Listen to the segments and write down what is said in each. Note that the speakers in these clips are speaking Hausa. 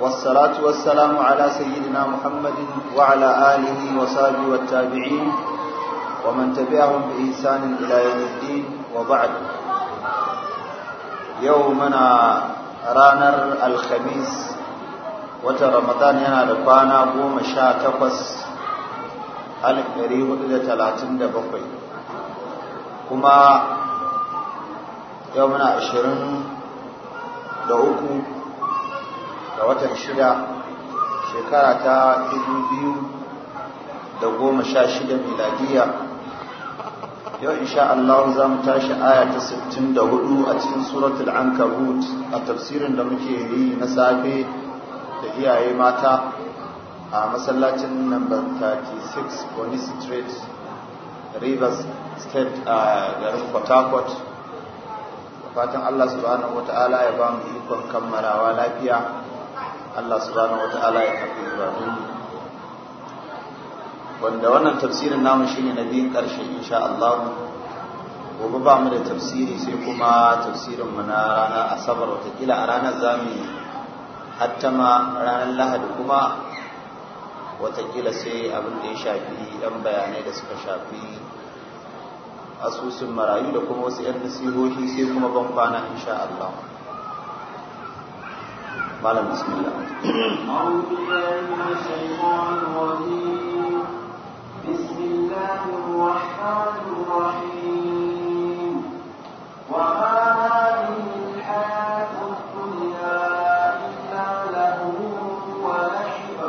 والصلاة والسلام على سيدنا محمد وعلى آله وصحبه والتابعين ومن تبعهم بإنسان إلى يوم الدين وبعد يومنا رانر الخميس وترمضان ينا لبانا بوم شا تفس هل قريب إلى تلاتين دبقي كما يومنا عشرين دعوكم ga watan shida shekara ta da goma sha 2016 miladiya yau insha Allah za mu tashi aya ta 64 a cikin suratul ankabut a tafsirin da muke yi na safe da iyaye mata a masallacin number 36 Bonny Street Rivers State a garin Port Harcourt fatan Allah subhanahu wata'ala ya ba mu ikon kammarawa lafiya Allah subhanahu wata'ala ya karɓi ibadun wanda wannan tafsirin namu shine na biyun ƙarshe insha Allah gobe ba mu da tafsiri sai kuma tafsirin mu na ranar asabar watakila a ranar zamu hattama ranar lahadi kuma watakila sai abin da ya shafi yan bayanai da suka shafi asusun marayu da kuma wasu 'yan nasihohi sai kuma ban kwana insha Allah قال بسم الله أعوذ بالله من الشيطان الرجيم بسم الله الرحمن الرحيم وما هذه الحياة الدنيا إلا له ولعب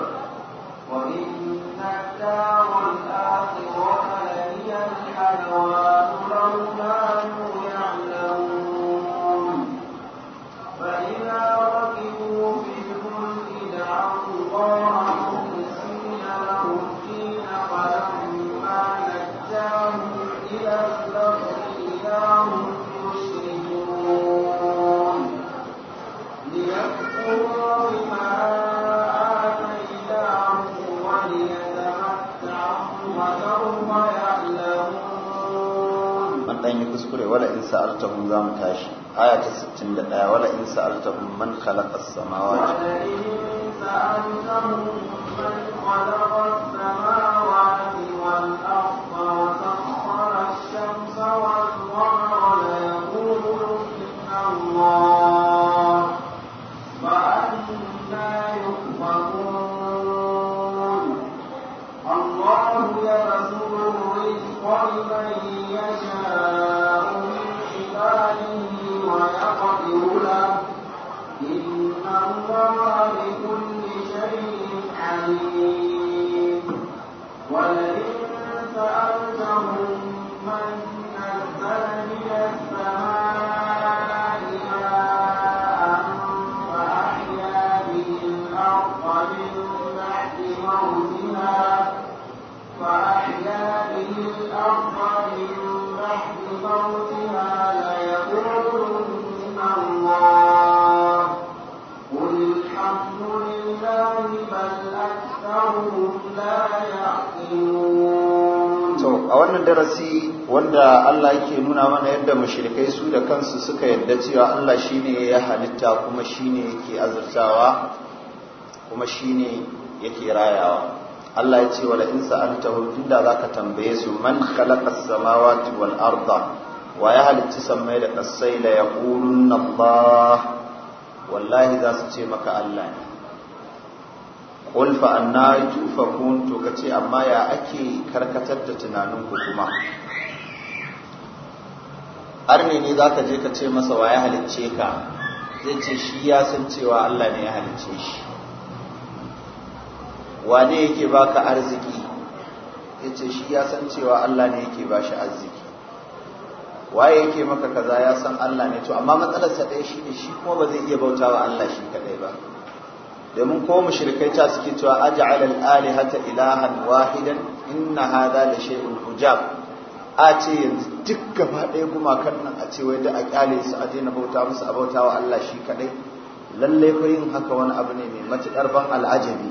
وإن الدار sa'altahum za mu tashi aya ta 61 wala in sa'altahum man khalaqa as-samawati man khalaqa as wannan darasi wanda Allah yake nuna mana yadda mushrikai su da kansu suka yadda cewa Allah shine ya halitta kuma shine yake azurtawa kuma shine yake rayawa Allah ya ce wala in da inda zaka tambaye su man khalaqa samawati wal arda wa ya halitta sammai da kasai la yaqulunna Allah wallahi za su ce maka Allah ne ulfa anna tufakun to kace amma ya ake karkatar da tunanin ku kuma arne ne zaka je ka ce masa waye halicce ka zai ce shi ya san cewa Allah ne ya halicce shi wane yake baka arziki yace shi ya san cewa Allah ne yake bashi arziki waye yake maka kaza ya san Allah ne to amma matsalar sa dai shi ne shi kuma ba zai iya bautawa Allah shi kadai ba domin ko mushrikai ta suke cewa aj'al al-alihata ilahan wahidan inna hadha la shay'un ujab a ce yanzu duk gaba ɗaya gumakan nan a ce wai da a kyale su a daina bauta musu a bauta Allah shi kaɗai? lalle ko yin haka wani abu ne mai matukar ban al'ajabi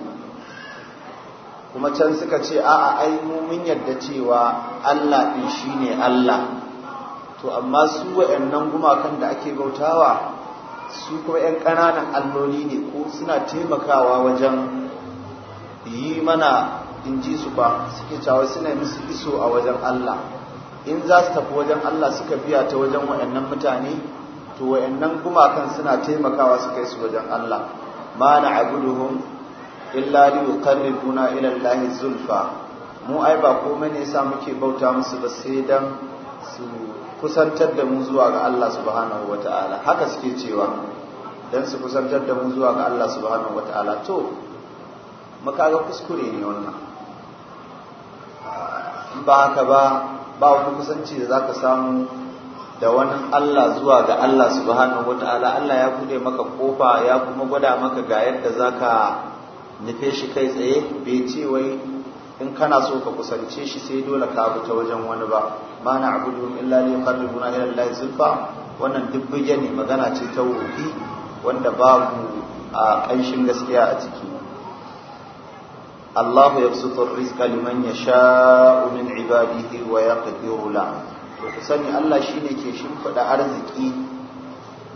kuma can suka ce a'a ai mu mun yarda cewa Allah din shine Allah to amma su wayannan gumakan da ake bautawa su kuma 'yan ƙananan alloli ne ko suna taimakawa wajen yi mana in ji su ba suke cewa suna musu iso a wajen Allah in za su tafi wajen Allah suka biya ta wajen wayannan mutane to waɗannan gumakan suna taimakawa su kai su wajen Allah ma na abuduhum illa li yuqarribuna ila Allah zulfa mu ai ba komai ne sa muke bauta musu ba sai dan su kusantar da mu zuwa ga Allah subhanahu wata'ala haka suke cewa dan su kusantar da mu zuwa ga Allah subhanahu wata'ala to makaga kuskure ne wannan ba haka ba ba wani kusanci da zaka samu da wani Allah zuwa ga Allah subhanahu wata'ala Allah ya bude maka kofa ya kuma gwada maka ga yadda zaka nufe shi kai tsaye bai ce wai in kana so ka kusance shi sai dole ka bi ta wajen wani ba ma na'budu illa liqarribuna ila allahi zulfa wannan duk bige ne magana ce ta wofi wanda babu a ƙanshin gaskiya a ciki Allah ya fsutu rizqa liman yasha'u min ibadihi wa yaqdiru la to ku sani Allah shine ke shimfida arziki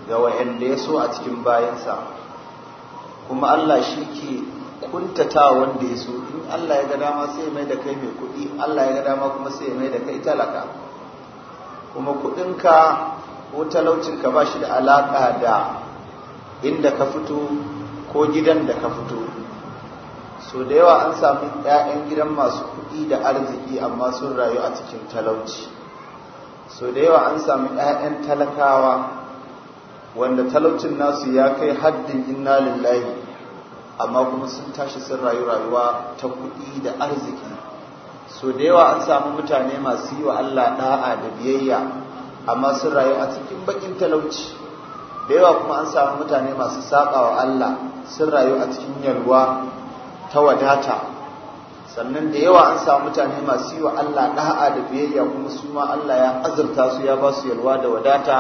ga wayanda ya so a cikin bayansa kuma Allah shi ke kuntata wanda ya so in Allah ya ga dama sai mai da kai mai kuɗi Allah ya ga dama kuma sai mai da kai talaka kuma kuɗinka ko talaucinka ba shi da alaƙa da inda ka fito ko gidan da ka fito so da yawa an sami 'ya'yan gidan masu kuɗi da arziki amma sun rayu a cikin talauci so da yawa an sami 'ya'yan talakawa wanda talaucin nasu ya kai haddin inna lillahi amma kuma sun tashi sun rayu rayuwa ta kuɗi da arziki so da yawa an samu mutane masu yi wa Allah da'a da biyayya amma sun rayu a cikin bakin talauci da yawa kuma an samu mutane masu saba wa Allah sun rayu a cikin yalwa ta wadata sannan da yawa an samu mutane masu yi wa Allah da'a da biyayya kuma su ma Allah ya azurta su ya ba su yalwa da wadata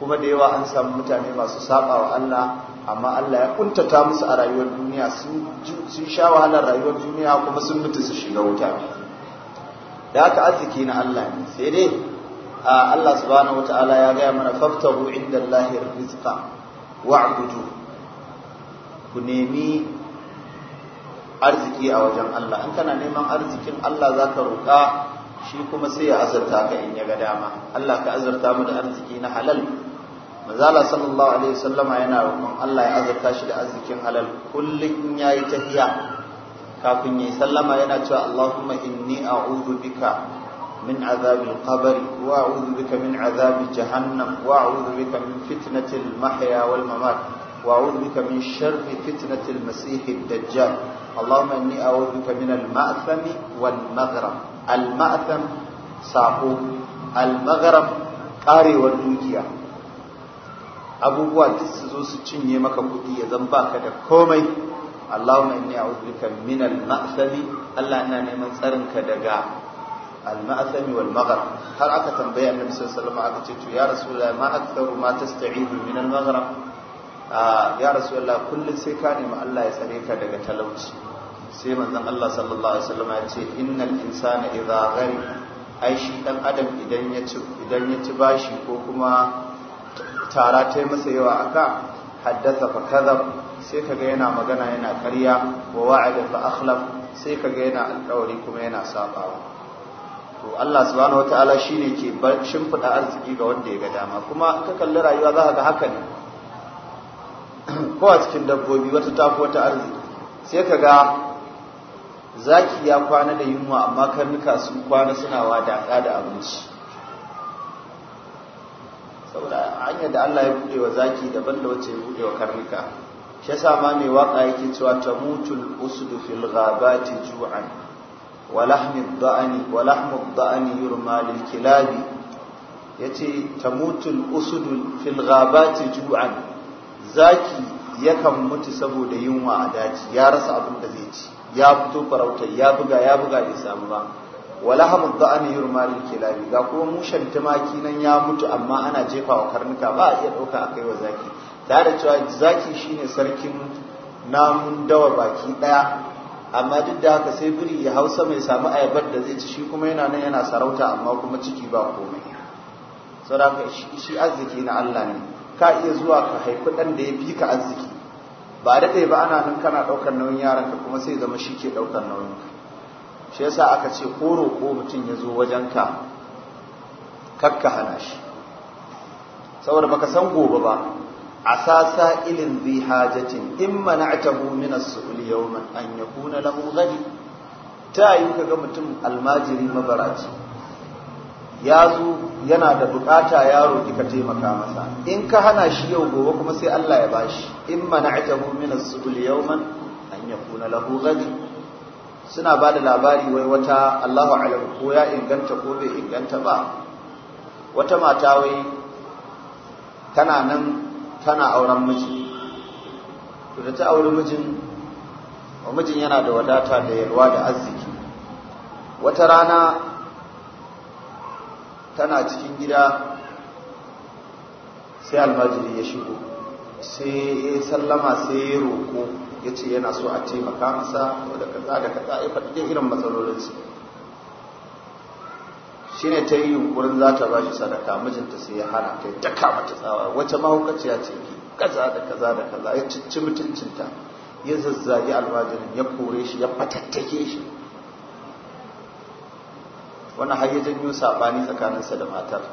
kuma da yawa an samu mutane masu saba wa Allah amma Allah ya kuntata musu a rayuwar duniya sun sha wahalar rayuwar duniya kuma sun mutu su shiga wuta da aka arziki na Allah ne sai dai Allah subhanahu wataala ya gaya mana faftahu inda Allahi rizqa gudu ku nemi arziki a wajen Allah in kana neman arzikin Allah za ka roƙa shi kuma sai ya azarta ka in ya ga dama Allah ka azarta mu da arziki na halal mazala sallallahu alaihi wasallama yana roƙon Allah ya azurta shi da arzikin halal kullun yayi tahiya kafin yayi sallama yana cewa Allahumma inni a'udhu bika min azabil qabr wa a'udhu bika min azabi jahannam wa a'udhu bika min fitnatil mahya wal mamat وأعوذ dajjal Allahumma inni a'udhu bika min al إني wal maghram al المأثم والمغرم al-maghram qari wal والدوكية abubuwa duk su zo su cinye maka kuɗi ya zan baka da komai Allahumma inni a'udhuka min al-ma'sami Allah ina neman tsarinka daga al-ma'sami wal maghrib har aka tambaye Annabi sallallahu alaihi wasallam aka ce to ya rasulullah ma aktharu ma tasta'idu min al-maghrib ya rasulullah kullun sai ka nemi Allah ya tsare ka daga talauci sai manzon Allah sallallahu alaihi wasallam ya ce innal insana idza gharib ai shi dan adam idan ya ci idan ya ci bashi ko kuma tara ta yi masa yawa aka haddasa fa kadhab sai kaga yana magana yana karya wa wa'ada fa akhlaf sai kaga yana alƙawari kuma yana sabawa to Allah subhanahu wataala shine ke shimfiɗa arziki ga wanda ya ga dama kuma ka kalli rayuwa za ka ga haka ne ko a cikin dabbobi wata tafi wata arziki sai ka ga zaki ya kwana da yunwa amma karnuka sun kwana suna wada da abinci hanyar da Allah ya bude wa zaki daban da wace ya bude wa karnuka shi yasa ma mai waka yake cewa tamutul usdu fil ghabati ju'an wa lahmid da'ani wa lahmud da'ani yurma lil kilabi yace tamutul usdu fil ghabati ju'an zaki yakan mutu saboda yunwa a daji ya rasa abin da zai ci ya fito farauta ya buga ya buga bai samu ba wala hamu rumari yurmalil kilabi ga kuma mushen tumaki nan ya mutu amma ana jefa wa karnuka ba a iya ɗauka a kai wa zaki da da cewa zaki shine sarkin namun dawa baki ɗaya amma duk da haka sai biri ya hausa mai samu ayabar da zai ci shi kuma yana nan yana sarauta amma kuma ciki ba komai saboda shi arziki na Allah ne ka iya zuwa ka haifi ɗan da ya fi ka arziki ba daɗe ba ana nan kana ɗaukar nauyin yaranka kuma sai zama shi ke ɗaukar nauyin ka shi yasa aka ce ko roƙo mutum ya zo wajenka kakka hana shi saboda baka san gobe ba a sasa ilin zai hajatin in mana'tahu min as-su'l yawman an yakuna lahu ghadi ta yi kaga mutum almajiri mabaraci ya zo yana da bukata yaro kika taimaka masa in ka hana shi yau gobe kuma sai Allah ya bashi in mana'tahu min as-su'l yawman an yakuna lahu ghadi suna ba da labari wai wata Allahu alam ko ya inganta ko bai inganta ba wata mata wai tana nan tana auren miji to da ta auri mijin mijin yana da wadata da yarwa da arziki wata rana tana cikin gida sai almajiri ya shigo sai sallama sai ya roko ya ce yana so a taimaka makamasa da kaza da kaza ya faɗi irin matsalolinsu shi ne ta yi yunkurin za ta ba shi sadaka mijinta sai ya hana ta ta kama ta tsawa wacce mahaukaciya ce ki kaza da kaza da kaza ya cicci mutuncinta ya zazzagi almajirin ya kore shi ya fatattake shi wani har ya janyo saɓani tsakaninsa da matar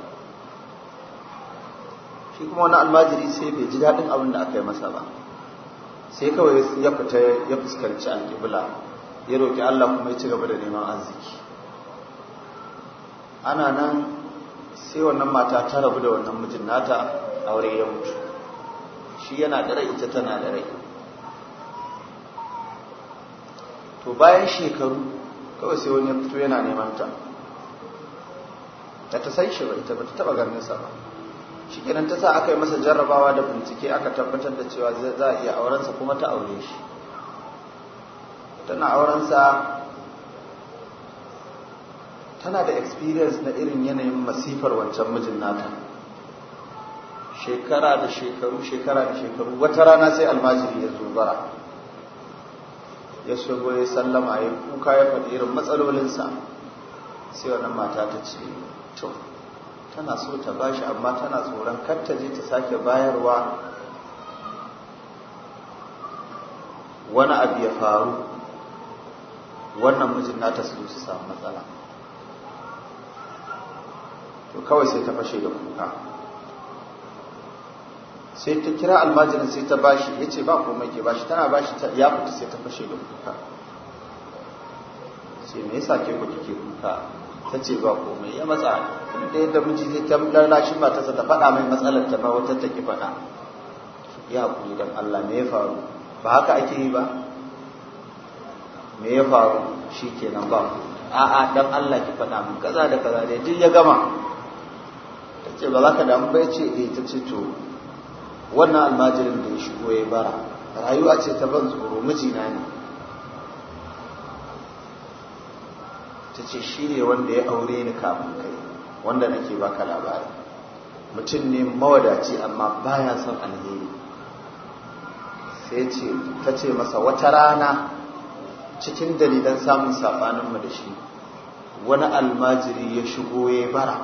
shi kuma wani almajiri sai bai ji daɗin abin da aka yi masa ba sai kawai ya fita ya fuskanci alƙibla ya roƙi Allah kuma ya ci gaba da neman arziki ana nan sai wannan mata ta rabu da wannan mijin nata aure ya mutu shi yana da rai ita tana da rai to bayan shekaru kawai sai wani ya fito yana neman ta ta ta san shi ba ita ba ta taɓa ganin sa ba shikenan ta sa aka yi masa jarrabawa da bincike aka tabbatar da cewa za a iya aurensa kuma ta aure shi tana aurensa tana da experience na irin yanayin masifar wancan mijin nata shekara da shekaru shekara da shekaru wata rana sai almajiri ya zo ya shigo ya sallama ya kuka ya faɗi irin matsalolinsa sai wannan mata ta ce to tana so ta bashi amma tana tsoron kar ta je ta sake bayarwa wani abu ya faru wannan mijin na ta su samu matsala to kawai sai ta fashe da kuka sai ta kira almajirin sai ta bashi ya ce ba komai ke bashi tana bashi ya fita sai ta fashe da kuka sai me yasa ke ku kuka ta ce ba komai ya matsa da yadda miji zai ta lalashin matarsa ta faɗa mai matsalar ta ba wata ta ki faɗa ya hakuri dan Allah me ya faru ba haka ake yi ba me ya faru shi nan ba a'a dan Allah ki faɗa min kaza da kaza da duk ya gama ta ce ba za ka damu ba ya ce eh ta ce to wannan almajirin da ya shigo ya bara rayuwa ce ta ban tsoro mijina ne ta ce shi ne wanda ya aure ni kafin kai wanda nake baka labari mutum ne mawadaci amma baya son alheri sai ce ta ce masa wata rana cikin dalilan samun saɓaninmu da shi wani almajiri ya shigo ya bara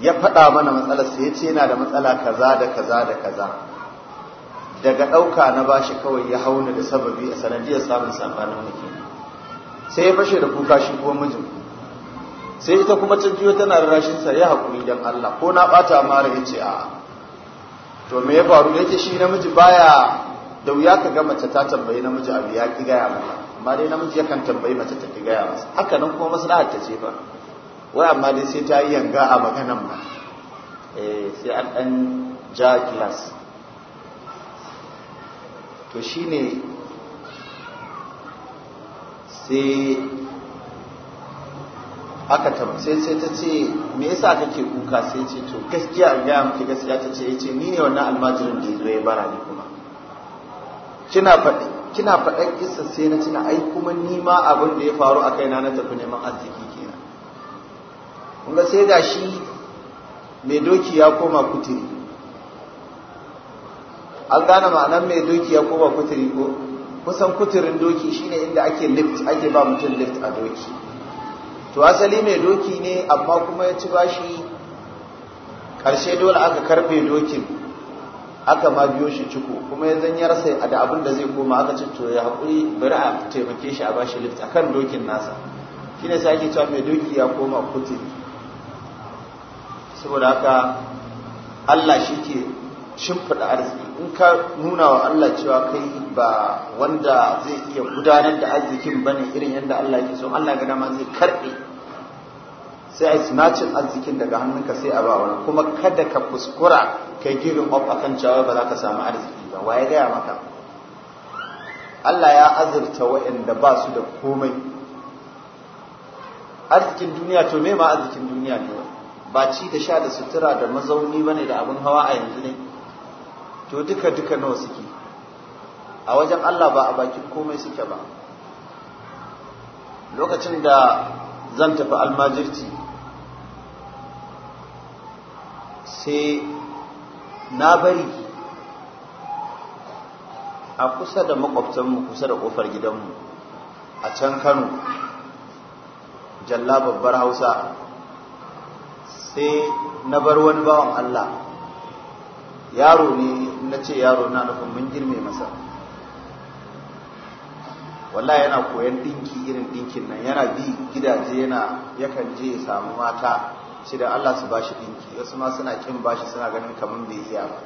ya faɗa mana matsala ya ce yana da matsala kaza da kaza da kaza daga ɗauka na bashi kawai ya hauna da sababi a sanadiyar samun saɓanin mutum sai ya fashe da kuka shi kuma mijin sai ita kuma ta jiyo tana rashin sa ya hakuri dan Allah ko na bata mara yace ce a'a to me ya faru da yake shi namiji baya da wuya ka ga mace ta tambayi namiji abu ya ki gaya mata amma dai namiji yakan tambayi mace ta ki gaya masa haka nan kuma maslahar ta ce fa wai amma dai sai ta yi yanga a maganan ba eh sai an dan ja class to shine sai aka sai sai ta ce me yasa kake kuka sai ce to gaskiya an gaya miki gaskiya ta ce yace ni ne wannan almajirin da yazo ya bara ni kuma kina faɗi kina faɗan kissa sai na tuna ai kuma ni ma abin da ya faru a kaina na tafi neman arziki kenan kun ga sai gashi mai doki ya koma kuturi an gane ma'anar mai doki ya koma kuturi ko kusan kuturin doki shine inda ake lift ake ba mutum lift a doki to asali mai doki ne amma kuma ya ci bashi karshe dole aka karfe dokin aka ma biyo shi ciko kuma ya zanyar sai rasa da abin da zai koma aka ci to ya haƙuri bari a taimake shi a bashi lift a kan dokin nasa shi ne sake cewa mai doki ya koma kuturi saboda haka Allah shi ke shimfiɗa arziki in ka nuna wa Allah cewa kai ba wanda zai iya gudanar da arzikin bane irin yadda Allah yake so Allah ga dama zai karɓe sai a snatchin arzikin daga hannunka sai a ba wani kuma kada ka kuskura kai giving of akan cewa ba za ka samu arziki ba waye gaya maka Allah ya azurta wa'anda ba su da komai arzikin duniya to me ma arzikin duniya ne ba ci da sha da sutura da mazauni bane da abin hawa a yanzu ne to duka duka nawa suke a wajen Allah ba a bakin komai suke ba lokacin da zan tafi almajirci sai na bari a kusa da makwabtanmu kusa da ƙofar gidanmu a can kano jalla babbar hausa sai na bar wani bawan Allah yaro ne na ce yaro na nufin mun girme masa wallahi yana koyan dinki irin dinkin nan yana bi gidaje yana yakan je ya samu mata shi da Allah su bashi dinki wasu ma suna kin bashi suna ganin kamar bai iya ba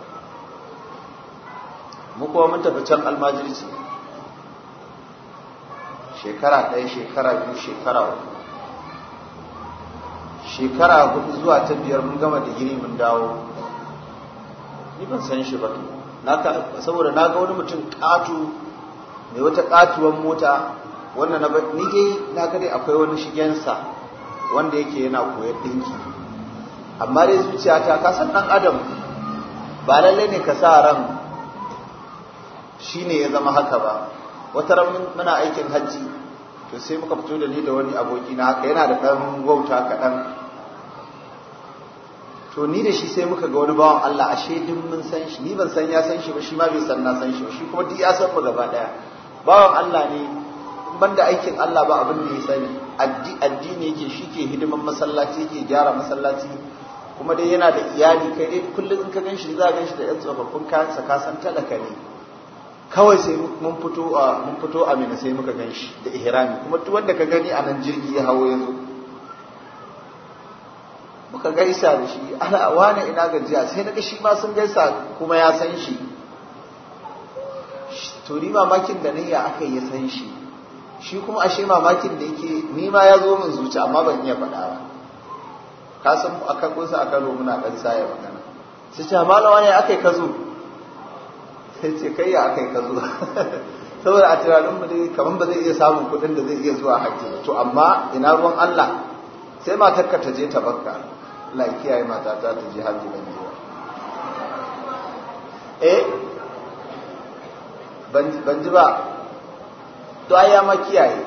mu kuma mun tafi can almajirci shekara ɗaya shekara biyu shekara uku shekara hudu zuwa ta biyar mun gama digiri mun dawo ni ban san shi ba to saboda na ga wani mutum ƙatu mai wata ƙatuwar mota wanda na ba ni dai na ga dai akwai wani shigensa wanda yake yana koyar ɗinki amma dai zuciyata ka san ɗan adam ba lallai ne ka sa ran shine ya zama haka ba wata ran muna aikin hajji to sai muka fito da ni da wani aboki na haka yana da ɗan gauta kaɗan to ni da shi sai muka ga wani bawan Allah ashe duk mun san shi ni ban san ya san shi ba shi ma bai san na san shi shi kuma duk ya san mu gaba daya bawan Allah ne banda aikin Allah ba abin da ya sani addini yake shi ke hidiman masallaci yake gyara masallaci kuma dai yana da iyali kai dai kullum in ka ganshi za a ganshi da yan tsofaffin sa, ka san talaka ne kawai sai mun fito a mun fito a sai muka ganshi da ihrami kuma duk wanda ka gani a nan jirgi ya hawo yanzu muka gaisa da shi ana wane ina gajiya sai na shi ma sun gaisa kuma ya san shi to ni mamakin da niyya aka ya san shi shi kuma ashe mamakin da yake ni ma ya zo min zuci amma ban iya faɗa ba ka san mu aka kusa a Kano muna ɗan saya magana su ce ah, malama ne akai ka zo sai ce kai ya akai ka zo saboda a tunanin mu dai kaman ba zai iya samun kuɗin da zai iya zuwa hajji to amma ina ruwan Allah sai matarka ta je ta bakka Allah ya kiyaye matata ta ji hajji ban jiwa eh ban ji ba to ai ya ma kiyaye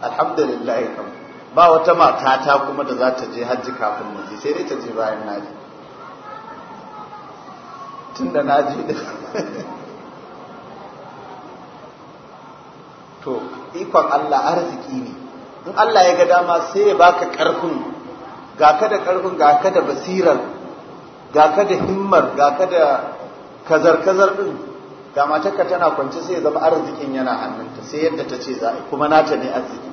alhamdulillah kam ba wata matata kuma da za ta je hajji kafin mu je sai dai ta je bayan na ji tunda na ji da to ikon Allah arziki ne in Allah ya ga dama sai ya baka karfin ga ka da ƙarfin ga ka da basirar ga ka da himmar ga ka da kazar-kazar ɗin ga matarka tana kwance sai zama arzikin yana hannunta sai yadda ta ce za kuma nata ne arziki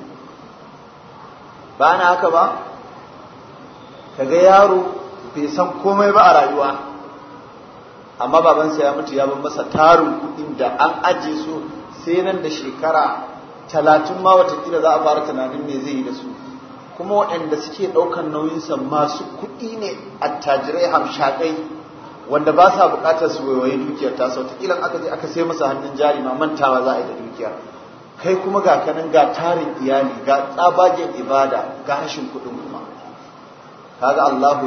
ba na haka ba ga yaro bai san komai ba a rayuwa amma babansa ya mutu ya bar masa tarin kuɗin da an ajiye su sai nan da shekara talatin ma watakila za a fara tunanin me zai yi da su kuma waɗanda suke ɗaukar nauyinsa masu kuɗi ne attajirai hamshaɗai, wanda ba sa buƙatar su waiwaye dukiyar ta sau aka je aka sai masa hannun jari ma mantawa za a yi da dukiyar kai kuma ga kanan ga tarin iyali ga tsabagen ibada ga hashin kuɗin kuma kaga Allahu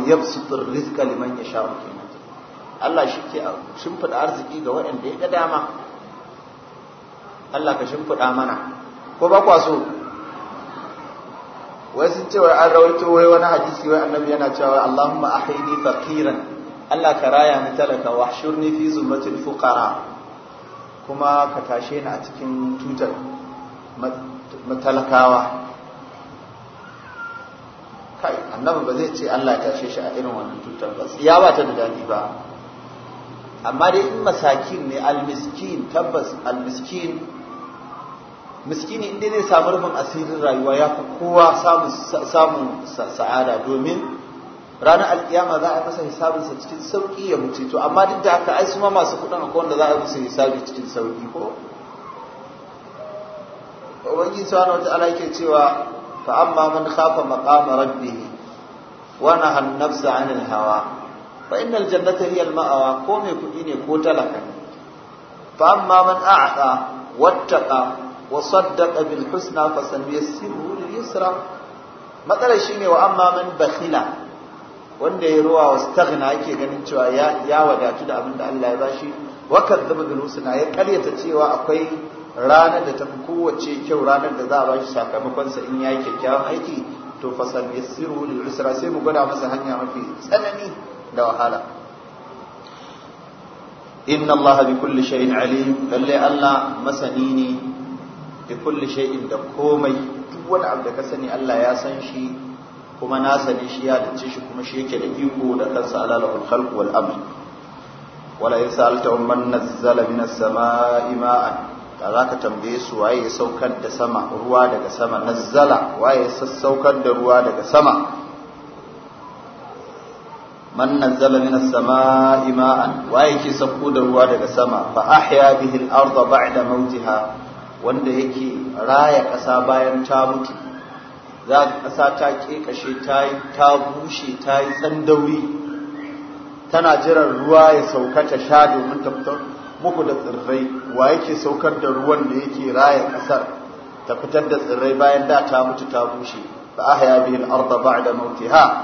rizqa liman Allah shimfiɗa arziki ga waɗanda ya ga dama Allah ka shimfiɗa mana ko ba kwa so wai sun ce wai an rawaito wai wani hadisi wai annabi yana cewa Allahumma ahini faqiran Allah ka raya ni talaka wahshurni fi zulmatil fuqara kuma ka tashe ni a cikin tutar matalakawa kai annabi ba zai ce Allah ya tashe shi a irin wannan tutar ba ya ba ta da dadi ba amma dai in masakin ne almiskin tabbas almiskin miskini inda zai samu rufin asirin rayuwa ya fi kowa samun sa'ada domin ranar alkiyama za a masa hisabinsa cikin sauki ya mutu to amma duk da haka ai su ma masu kudin akwai wanda za a musu hisabi cikin sauki ko ubangiji subhanahu wataala yake cewa fa amma man khafa maqama rabbih wa naha an-nafsa hawa fa innal jannata hiya al ko mai kudi ne ko talaka fa amma man a'ta wattaqa وصدق بالحسنى فسنيسره لليسرى matsalar shi ne wa amma man bakhila wanda ya ruwa wa staghna yake ganin cewa ya wadatu da abin da Allah ya bashi wa kadzaba bil husna ya karyata cewa akwai rana da tafi kowace kyau ranar da za a bashi sakamakon sa in yayi kyakkyawan aiki to fasal yassiru lil usra sai mu gwada masa hanya mafi tsanani da wahala inna allaha bi kulli shay'in alim lalle Allah masani ne bi kulli shay'in da komai duk wani abu da ka sani Allah ya san shi kuma na sani shi ya dace shi kuma shi yake da iko da kansa ala lahul khalq wal amr wala in sa'alta man nazzala minas sama'i ma'an da za ka tambaye su waye ya saukar da sama ruwa daga sama nazzala waye ya saukar da ruwa daga sama man nazzala minas sama'i ma'an waye ke sauko da ruwa daga sama fa ahya bihi al-ardha ba'da mawtiha wanda yake raya ƙasa bayan ta mutu za ka ƙasa ta ƙeƙashe ta bushe ta yi tsandauri tana jiran ruwa ya sauka ta sha domin ta fitar muku da tsirrai wa yake saukar da ruwan da yake raya ƙasar ta fitar da tsirrai bayan da ta mutu ta bushe fa ahya bihi al-ardha ba'da mautiha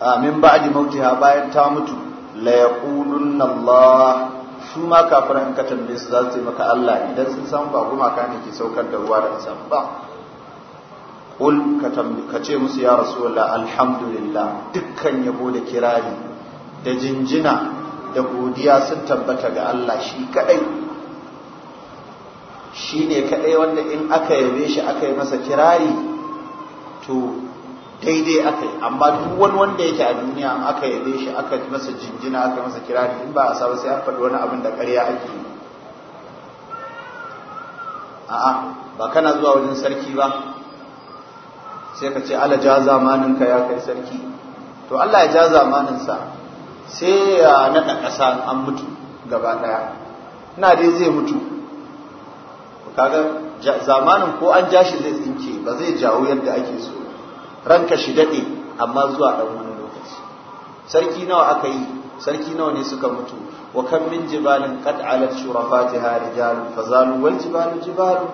amin mauti ha bayan ta mutu la yaqulunna Allah su ma kafiran in ka tambaye su za su yi maka Allah idan sun san ba gumaka ne ke saukar da ruwa da ƙasa ba Kul ka ce musu ya rasu rasulullah alhamdulillah dukkan yabo da kirari da jinjina da godiya sun tabbata ga Allah shi kadai shi kadai wanda in aka yabe shi aka yi masa kirari to daidai aka yi amma duk wani wanda yake a duniya aka yabe shi aka masa jinjina aka masa kirari in ba a saba sai an faɗi wani abin da ƙarya ake yi a'a ba kana zuwa wajen sarki ba sai ka ce ala ja zamanin ka ya kai sarki to Allah ya ja zamanin sa sai ya naɗa ƙasa an mutu gaba ɗaya ina dai zai mutu kaga zamanin ko an ja shi zai tsinke ba zai jawo yadda ake so ranka shi daɗe amma zuwa ɗan wani lokaci sarki nawa aka yi sarki nawa ne suka mutu wa kan min jibalin qad alat shurafatiha rijalun fazalu wal jibalu jibalu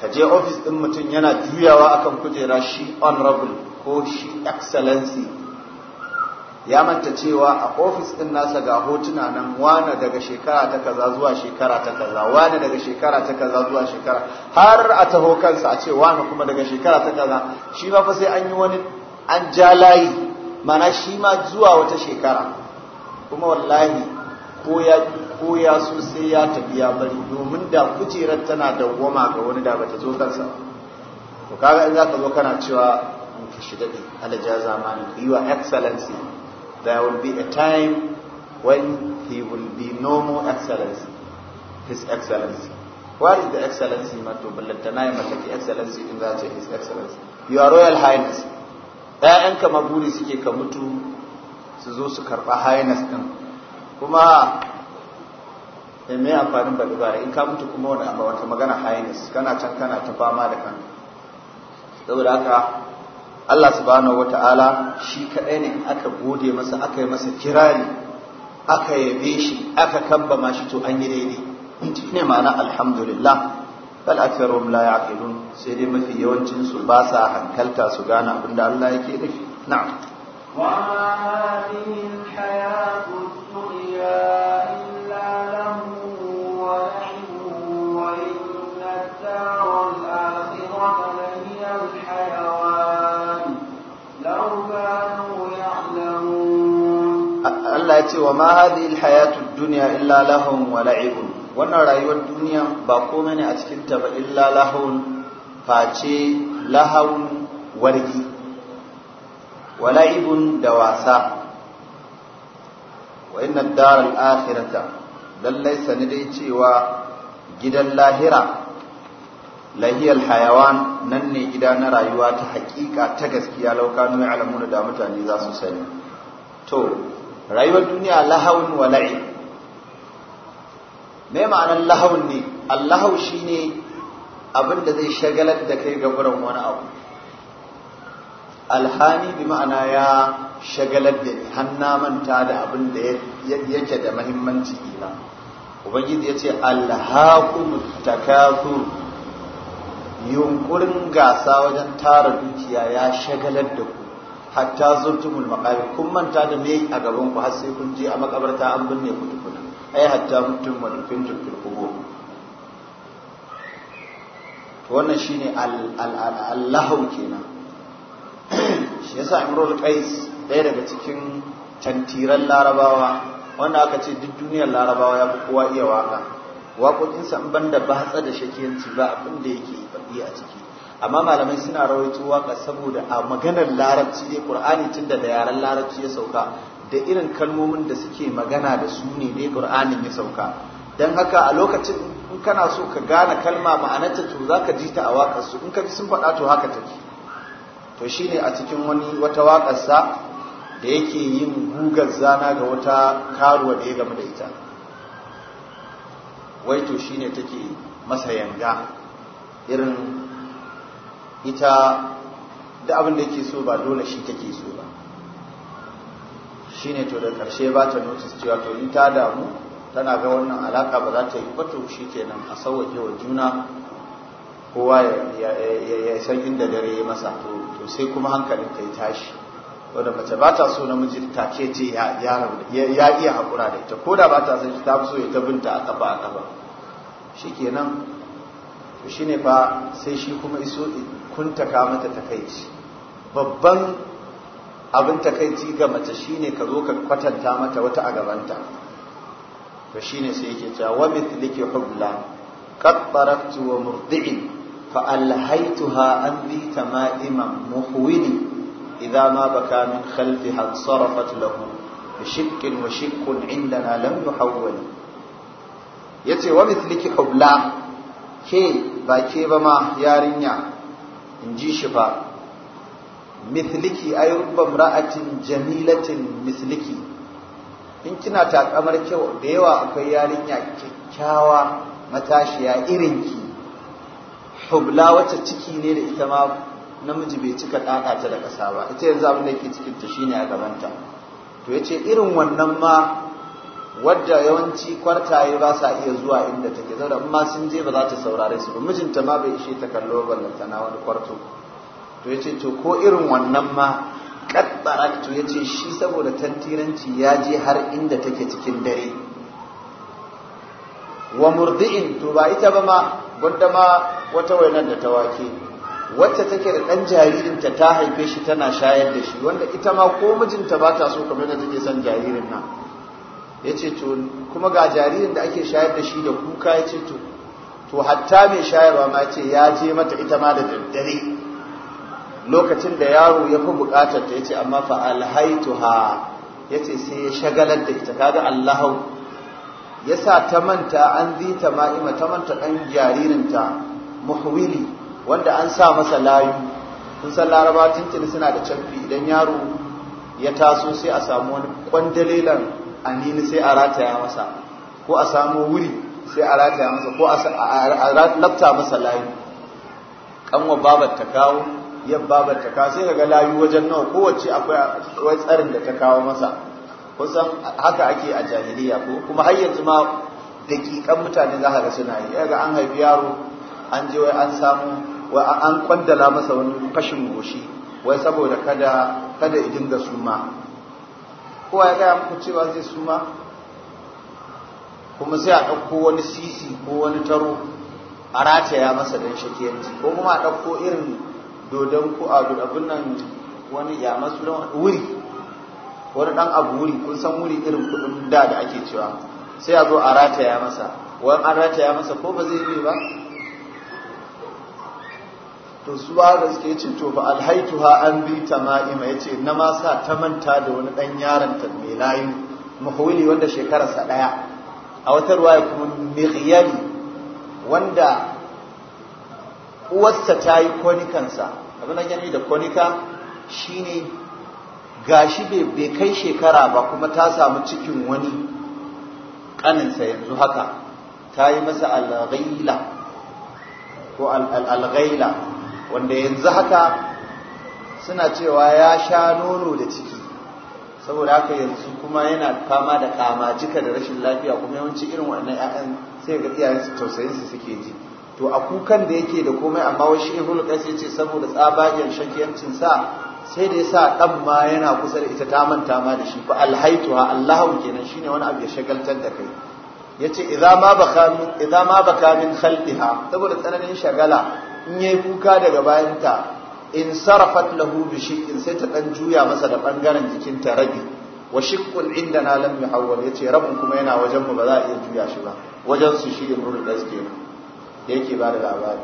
ka je ofis din mutum yana juyawa akan kujera shi honorable ko shi excellency ya manta cewa a ofis ɗin nasa ga hotuna nan wane daga shekara ta kaza zuwa shekara ta kaza wane daga shekara ta kaza zuwa shekara har a taho kansa a ce wane kuma daga shekara ta kaza shi ma fa sai an yi wani an ja layi mana shi ma zuwa wata shekara kuma wallahi ko ya ko ya so sai ya tafi ya bari domin da kujerar tana dawwama ga wani da bata zo kansa to kaga in za ka zo kana cewa shi dade alaja zamanin yi wa excellency there will be a time when he will be no more excellency, his excellency. What is the excellency matu ballatana ya excellency in za his excellency your royal highness ƴaƴanka maburi suke ka mutu su zo su karɓa highness ɗin kuma da eh, me amfanin ba dubara in ka mutu kuma wani wata magana highness kana can kana ta fama da kan. saboda haka Allah subhanahu ta'ala shi kaɗai ne aka gode masa aka yi masa kirari aka yabe shi aka kambama shi to an yi daidai ne ma'ana alhamdulillah bal aktharuhum la ya'qilun sai dai mafi yawancin su ba sa hankalta su gana abin Allah yake nufi na'am wa hadhihi al-hayatu dunya Allah ya ce wa ma hadhihi alhayatud dunya illa lahun wa la'ibun wannan rayuwar duniya ba komai ne a cikin ta ba illa lahun face lahun wargi wa la'ibun da wasa wa inna ad-dar akhirata lallai sani dai cewa gidan lahira lahiyar hayawan nan ne gida na rayuwa ta hakika ta gaskiya laukanu ya da mutane za su sani to rayuwar duniya lahawun wa la'i me ma'anar lahawun ne allahau ne abin da zai shagalar da kai gaburan wani abu alhani bi ma'ana ya shagalar da ni hanna manta da abin da yake da mahimmanci ila ubangiji ya ce alhakum takathur yunkurin gasa wajen tara dukiya ya shagalar da ku hatta zurtumul maqabir kun manta da me a gaban ku har sai kun je a makabarta an binne ku tukuna ai hatta mutum wa dufintum fil to wannan shine al-lahu kenan shi yasa Imrul Qais daya daga cikin tantiran larabawa wanda aka ce duk duniyar larabawa ya fi kowa iya waka waƙoƙinsa in banda batsa da shakiyanci ba abinda da yake faɗi a ciki amma malamai suna rawaito waka saboda a maganar larabci dai qur'ani tun da yaren larabci ya sauka da irin kalmomin da suke magana da su ne dai qur'anin ya sauka dan haka a lokacin in kana so ka gane kalma ma'anarta to zaka ji ta a wakar su in ka ji sun faɗa to haka take to shine a cikin wani wata wakar sa da yake yin gugar zana ga wata karuwa da ya gamu da ita wai to shine take masa yanga irin ita da abin da yake so ba dole shi take so ba shine to da karshe ba ta notice cewa to in ta damu tana ga wannan alaka ba za ta yi ba to kenan a sauwake wa juna kowa ya san inda dare ya masa to sai kuma hankalin ta yi tashi wadda mace ba ta so namiji ta ke ce ya iya haƙura da ita ko da ba ta san ta fi so ya tabinta a kafa a kafa shikenan to shine fa sai shi kuma iso kuntaka mata takaici babban abin takaici ga mace shine ka zo ka kwatanta mata wata a gabanta to shine sai yake cewa wa hubla qad wa murdi'in fa alhaytuha an bi tama'iman muhwini idza ma baka min khalfiha sarafat lahu بشك وشك عندنا لم يحول yace wa mithliki hubla ke ba ke ba ma yarinya in ji shi ba. mithliki ay rubba ra'atin jamilatin misliki in kina takamar kyau da yawa akwai yarinya kyakkyawa matashiya irin ki. hubla wacce ciki ne da ita ma namiji bai cika ɗaɗa ta da ƙasa ba ita yanzu abin da ke cikin ta shine a gabanta to yace irin wannan ma wadda yawanci kwartaye ba sa iya zuwa inda take zaura amma sun je ba za ta saurare su ba mijinta ma bai ishe ta kallo ballanta na wani kwarto to yace to ko irin wannan ma ya yace shi saboda tantiranci ya je har inda take cikin dare wa murdi'in to ba ita ba ma gwanda ma wata wainar da ta wake wacce take da ɗan jaririnta ta haife shi tana shayar da shi wanda ita ma ko mijinta ba ta so kamar da take son jaririn nan ya ce to kuma ga jaririn da ake shayar da shi da kuka ya ce to to hatta mai shayarwa ma ce ya je mata ita ma da daddare lokacin da yaro ya fi bukatar ta ya ce amma fa alhaituha ya ce sai ya shagalar da ita kaga allahu ya sa ta manta an ta ma'ima ta manta ɗan jaririnta muhwili wanda an sa masa layu kun san laraba tuntuni suna da canfi idan yaro ya taso sai a samu wani kwandalelan amini sai a rataya masa ko a samu wuri sai a rataya masa ko a labta masa layu kanwa babar ta kawo yadda babar ta kawo sai kaga layu wajen nawa kowace akwai tsarin da ta kawo masa kusan haka ake a jahiliya ko kuma har yanzu ma dakikan mutane za ga suna yi ga an haifi yaro an je wai an samu wai an kwandala masa wani fashin goshi wai saboda kada kada idin da ma. kowa ya gaya muku cewa zai suma kuma sai a ɗauko wani sisi ko wani taro a rataya masa don shakiyanci ko kuma a ɗauko irin dodon ko a abin nan wani ya masu wuri wani ɗan abu wuri kun san wuri irin kuɗin da da ake cewa sai a zo a rataya masa wani an rataya masa ko ba zai yi ba to su ba suke ce to fa alhaituha an bi tama'ima yace na ma sa ta manta da wani ɗan yaron ta mai layu muhawili wanda sa ɗaya. a wata ruwaya kuma mighyali wanda uwarsa ta yi konikansa abin da gani da konika shine gashi bai kai shekara ba kuma ta samu cikin wani ƙaninsa yanzu haka ta yi masa alghaila ko alghaila wanda yanzu haka suna cewa ya sha nono da ciki saboda haka yanzu kuma yana fama da kama jika da rashin lafiya kuma yawanci irin wannan 'ya'yan sai ga tausayin su suke ji to a kukan da yake da komai amma wa shi ibnu qais yace saboda tsabagen shakiyancin sa sai da yasa dan ma yana kusa da ita ta manta ma da shi fa alhaituha allahu kenan shine wani abu ya shagaltar da kai yace idza ma baka min idza ma baka min khalqiha saboda tsananin shagala in yi kuka daga bayanta in sarafat lahu bi shiqqin sai ta dan juya masa da bangaren jikin ta rabi wa shiqqun indana lam yuhawwal yace rabin kuma yana wajen mu ba za a iya juya shi ba wajen su shi imrul da kenan yake ba da labari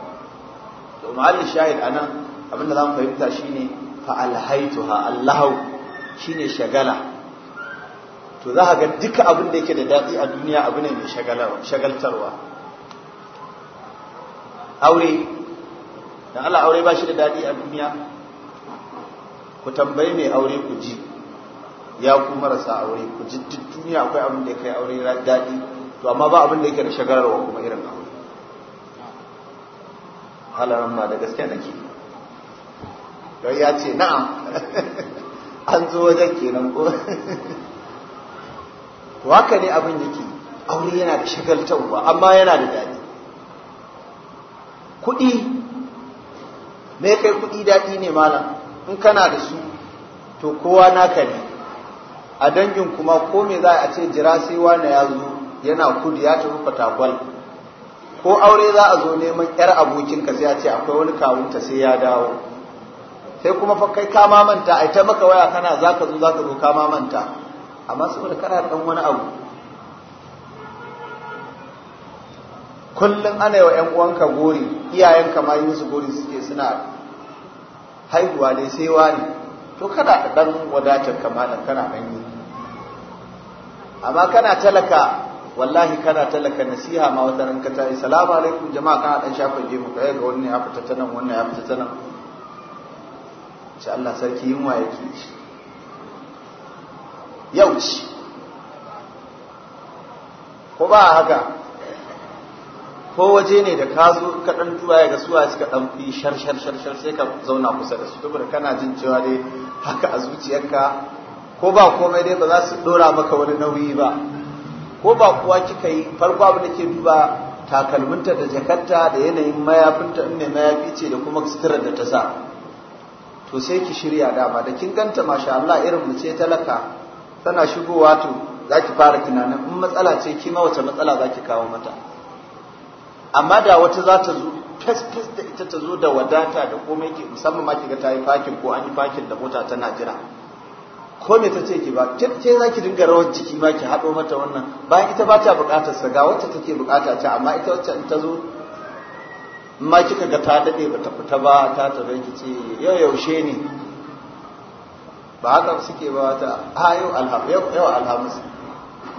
to ma'al shahid anan abinda zamu fahimta shine fa alhaituha allahu shine shagala to za ga duka abin da yake da dadi a duniya abu ne mai shagaltarwa aure dan Allah aure ba shi da dadi a duniya ku tambayi mai aure ku ji ya ku marasa aure ku ji duk duniya akwai abin da kai aure dadi to amma ba abin da yake da shagararwa kuma irin aure halaran ma da gaskiya nake don ya ce na'am an zo wajen kenan ko to haka ne abin yake aure yana da shagaltarwa amma yana da dadi kuɗi me kai kuɗi daɗi ne malam in kana da su to kowa naka ne a dangin kuma ko me za a ce jira sai wani ya zo yana kudu ya tafi fatakwal ko aure za a zo neman yar abokinka sai a ce akwai wani kawunta sai ya dawo sai kuma fa kai ka mamanta ai ta maka waya kana zaka zo zaka zo ka mamanta amma saboda kana dan wani abu kullum ana yawa 'yan uwanka gori iyayenka ma yin su gori suke suna haihuwa ne sai wani to kana da ɗan wadatar da kana yi. amma kana talaka wallahi kana talaka nasiha ma wata ranka ta yi salamu alaikum jama'a kana ɗan shafa gemu ka ga wannan ya fita ta nan wannan ya fita ta nan ce Allah sarki yunwa yake shi yau ci ko ba haka ko waje ne da ka zo ka dan tuwa ga suwa suka dan fi shar shar shar sai ka zauna kusa da su saboda kana jin cewa dai haka a zuciyarka ko ba komai dai ba za su dora maka wani nauyi ba ko ba kuwa kika yi farko abu da ke duba takalminta da jakarta da yanayin mayafinta in mai mayafi ce da kuma suturar da ta sa to sai ki shirya dama da kin ganta masha Allah irin mu ce talaka tana shigowa to zaki fara tunanin in matsala ce kima wace matsala zaki kawo mata amma da wata za ta zo fes-fes da ita ta zo da wadata da komai ke musamman ma kiga ta yi fakin ko an yi fakin da mota tana jira ko me ta ce ki ba ke za ki dinga rawar jiki ma ki haɗo mata wannan bayan ita ba ta buƙatar sa ga wacce take buƙata ta amma ita wacce ta zo ma kika ga ta daɗe ba ta fita ba ta tafi ki ce yau yaushe ne ba haka suke ba ta a yau alhamis yau alhamis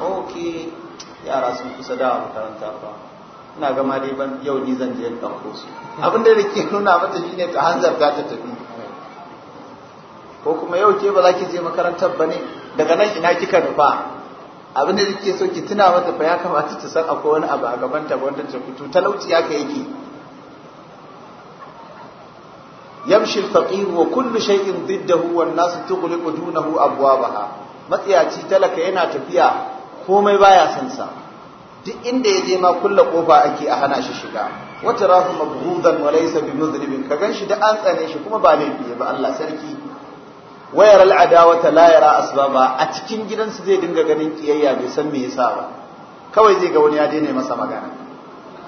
ok yara sun kusa da makaranta ba ina gama dai ban yau ni zan je ɗauko su abin da ke nuna mata shine ta hanzar ta tafi ko kuma yau ke ba za ki je makarantar ba ne daga nan ina kika nufa abin da ke so ki tuna mata fa ya kamata ta san akwai wani abu a gaban ta wanda ta fito talauci ya kai yake yamshi al-faqir wa kullu shay'in diddahu wan nas tughliqu dunahu abwabaha matsiyaci talaka yana tafiya komai baya san sa duk inda ya je ma kulla kofa ake a hana shi shiga wata rahu mabghudan wa laysa bi muzlimin ka ganshi da an tsane shi kuma ba laifi ba Allah sarki wayar al'ada wata yara asbaba a cikin gidansu zai dinga ganin kiyayya bai san me yasa ba kawai zai ga wani ya daina masa magana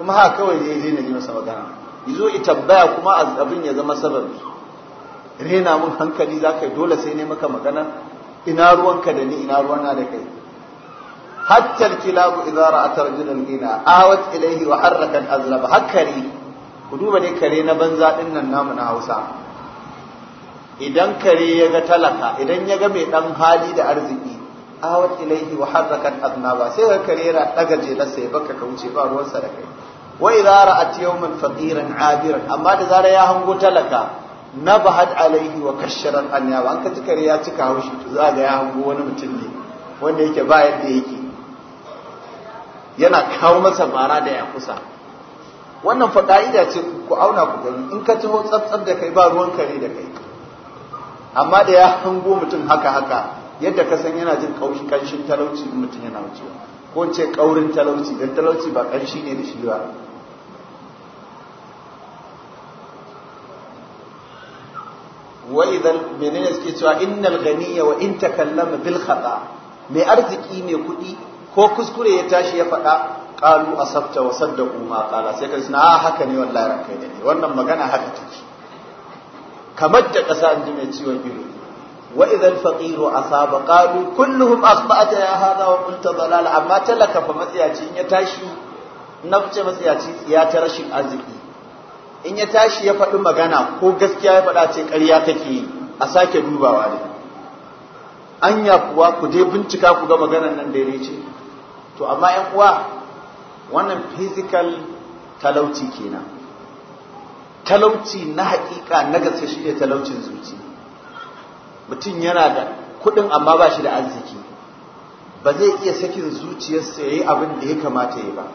kuma ha kawai zai daina yi masa magana yazo i tabbaya kuma abin ya zama sababi rena mun hankali zaka dole sai ne maka magana ina ruwanka da ni ina ruwana da kai حتى الكلاب إذا رأت a ghina آوت إليه wa الأزلب هكري hakkari ku duba ne kare na banza كري nan namu يغمي Hausa idan kare ya ga idan ya ga mai ɗan hali da arziki awat ilayhi wa harrakat aznaba sai ga kare daga jelarsa sai baka ka wuce ba ruwan sa da kai wa idza ra'at yawman faqiran amma da zara ya hango talaka nabahat alaihi wa kasharan anyaba an ya cika haushi to za ya hango wani mutum ne wanda yake ba yadda yake yana kawo masa bara da ya kusa wannan fa ka'ida ce ku auna ku gani in ka taho tsabtsab da kai ba ruwan kare da kai amma da ya hango mutum haka haka yadda ka san yana jin kaushi kanshin talauci mutum yana wucewa ko ce kaurin talauci dan talauci ba kanshi ne da shi ba wa idan menene suke cewa innal ganiya wa in takallama bil khata mai arziki mai kuɗi ko kuskure ya tashi ya faɗa ƙalu a sabta wa sadda ma ƙala, sai kai a, ah, haka ne wallahi da ne wannan magana haka take kamar da ƙasa an ji mai ciwon ido wa idan faqiru asaba qalu kulluhum asba'ata ya hada wa qulta dalal amma talaka fa matsiyaci in ya tashi na fice matsiyaci ya ta rashin arziki in ya tashi ya faɗi magana ko gaskiya ya faɗa ce ƙarya take a sake dubawa ne anya kuwa ku je bincika ku ga maganar nan daidai ce to amma yan uwa wannan physical talauci kenan talauci na haƙiƙa na gaske shi ne talaucin zuci mutum yana da kuɗin amma ba shi da arziki ba zai iya sakin zuciyarsa ya yi abin da ya kamata ya ba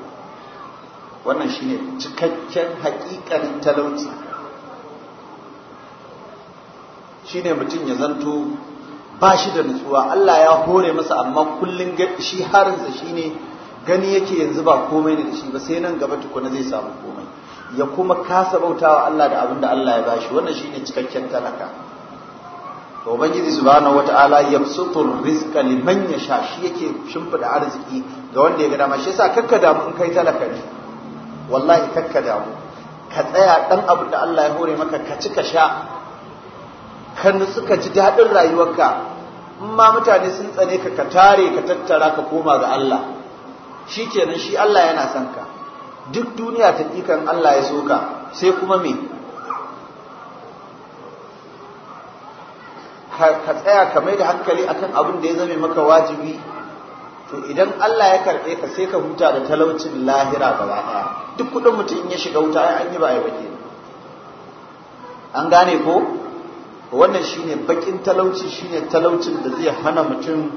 wannan shi ne cikakken haƙiƙar talauci shi ne mutum ya zanto ba shi da nutsuwa Allah ya hore masa amma kullun shi harinsa ne gani yake yanzu ba komai ne da shi ba sai nan gaba tukuna zai samu komai ya kuma kasa bauta wa Allah da abin da Allah ya bashi wannan shi ne cikakken talaka to ubangiji subhanahu wataala yabsutu rizqa liman yasha shi yake shimfida arziki ga wanda ya ga dama shi yasa kakka damu in kai talaka ne wallahi kakka damu ka tsaya dan abin da Allah ya hore maka ka ci ka sha ka suka ji daɗin rayuwarka in ma mutane sun tsane ka ka tare ka tattara ka koma ga Allah shi kenan shi Allah yana son ka duk duniya ta ikan Allah ya so ka sai kuma me ka tsaya ka mai da hankali akan abin da ya zame maka wajibi to idan Allah ya karɓe ka sai ka huta da talaucin lahira gaba ɗaya duk kuɗin mutum in ya shiga wuta ai an yi ba ya ba an gane ko wannan shine bakin talauci shine talaucin da zai hana mutum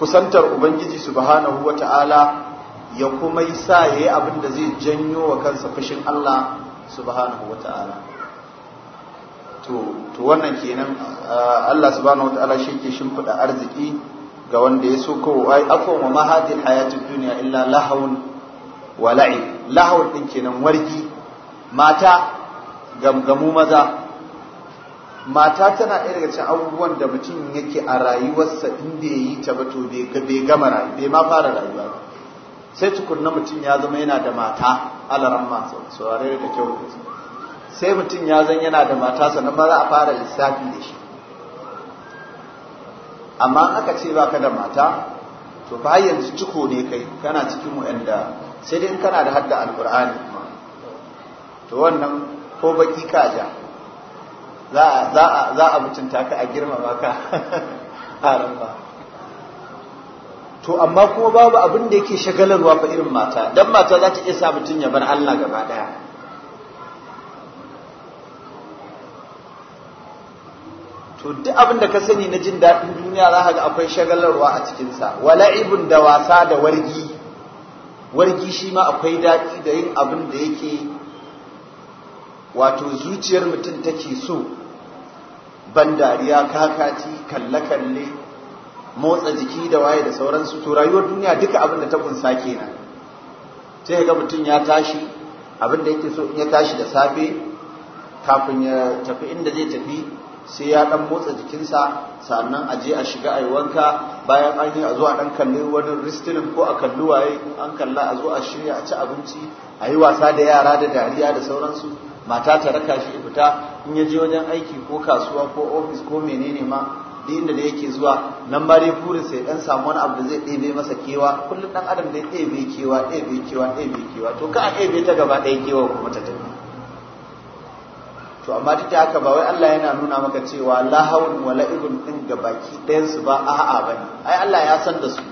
kusantar ubangiji subhanahu wata'ala ya kuma yi sa yayi abin da zai janyo wa kansa fushin Allah subhanahu wata'ala to to wannan kenan uh, Allah subhanahu wata'ala shi ke shimfiɗa arziki ga wanda ya so kawo ai afwan wa mahadin hayatid dunya illa lahawun wa la'ib lahawun din kenan wargi mata gamgamu maza mata tana ɗaya daga cikin abubuwan da mutum yake a rayuwarsa inda ya yi ta bato bai gama rayuwa bai ma fara rayuwa ba sai tukunna mutum ya zama yana da mata alaran masu saurare da kyau sai mutum ya zan yana da mata sannan ba za a fara lissafi da shi amma aka ce baka da mata to ba yanzu ciko ne kai kana cikin wa'anda sai dai kana da hadda alkur'ani to wannan ko baki kaja za a mutunta ka a girmama ka a to amma kuma babu abin da yake shagalarwa fa irin mata dan mata za ta iya sa mutum ya bar Allah gaba ɗaya. to duk abin da ka sani na jin daɗin duniya za a ga akwai shagalarwa a cikinsa wala'ibun da wasa da wargi wargi shi ma akwai daɗi da yin abin da yake wato zuciyar mutum take so ban dariya kakati kalle-kalle motsa jiki da waye da sauransu to rayuwar duniya duka abin da ta kunsa kenan sai ga mutum ya tashi abin da yake so in ya tashi da safe kafin ya tafi inda zai tafi sai ya dan motsa jikinsa sannan a je a shiga ayi wanka bayan an yi a zo a dan kalli wani ristilin ko a kalli waye an kalla a zo a shirya a ci abinci a yi wasa da yara da dariya da sauransu mata ta raka shi fita in ya je wajen aiki ko kasuwa ko ofis ko menene ma duk inda da yake zuwa nan bare sai dan samu wani abu da zai ɗebe masa kewa kullum dan adam da ɗebe kewa ɗebe kewa ɗebe kewa to ka a ɗebe ta gaba ɗaya kewa kuma ta tafi to amma duk da haka ba wai Allah yana nuna maka cewa lahawun wa ibn din ga baki ɗayan su ba a'a bane ai Allah ya san da su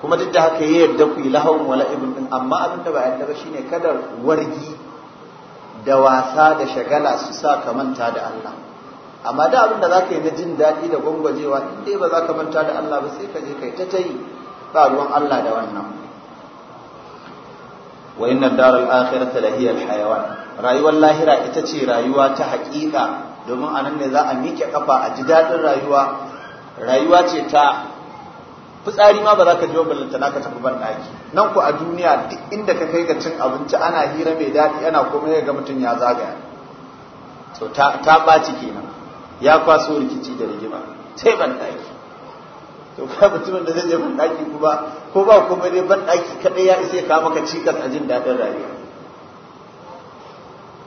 kuma duk da haka ya yarda ku yi lahawun wa ibn din amma abin da ba yarda ba shine kadar wargi da wasa da shagala su sa ka manta da Allah amma da abin da zaka yi na jin daɗi da gwangwajewa in ba za ka manta da Allah ba sai ka je kai ta tayi ba ruwan Allah da wannan wa inna dar al akhirata la hiya al hayawan rayuwar lahira ita ce rayuwa ta haƙiƙa domin anan ne za a miƙe kafa a ji daɗin rayuwa rayuwa ce ta fitsari ma ba za ka ji wa ballantana ka tafi ban ɗaki nan ku a duniya duk inda ka kai ga cin abinci ana hira mai daɗi ana komai ga mutum ya zagaya so ta ɓaci kenan ya kwaso rikici da rigima sai ban ɗaki to ka mutumin da zai je ban ɗaki kuma ko ba ku dai ban ɗaki kaɗai ya isa ya kawo maka cikas a jin daɗin rayuwa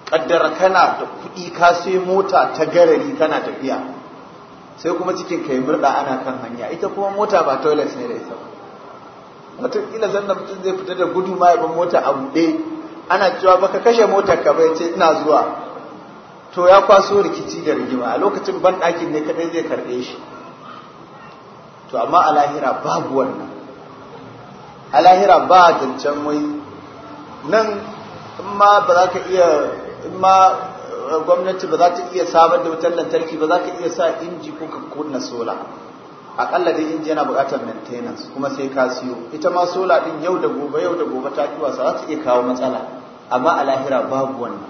kaddara kana da kuɗi ka sai mota ta garari kana tafiya sai kuma cikin kai murda ana kan hanya ita kuma mota ba toilet ne da ita ba mutum zan zanna mutum zai fita da gudu ma ya mota a buɗe ana cewa baka kashe motar ka bai ce ina zuwa to ya kwaso rikici da rigima a lokacin ban ɗakin ne kaɗai zai karɓe shi to amma a lahira babu wannan a lahira ba dancan wai nan in ma ba za ka iya in ma gwamnati ba za ta iya samar da wutar lantarki ba za ka iya sa inji ko ka kunna sola akalla dai inji yana buƙatar maintenance kuma sai ka siyo ita ma sola din yau da gobe yau da gobe ta kiwa wasa za ta iya kawo matsala amma a lahira babu wannan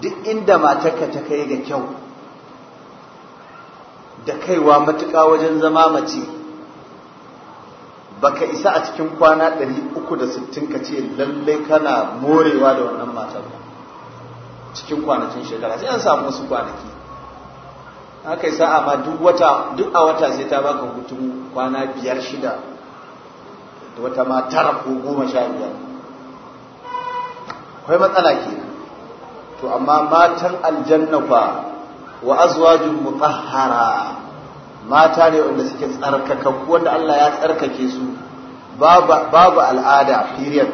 duk inda matarka ta kai ga kyau da kaiwa matuka wajen zama mace baka isa a cikin kwana 360 ka ce lallai kana morewa da wannan matar ba cikin kwanakin shekara sai an samu wasu kwanaki haka yi sa'a ma duk wata duk a wata sai ta baka hutun kwana biyar shida da wata ma tara ko goma sha biyar akwai matsala ke to amma matan aljanna fa wa azwajun mutahhara mata ne wanda suke tsarkaka wanda Allah ya tsarkake su babu al'ada period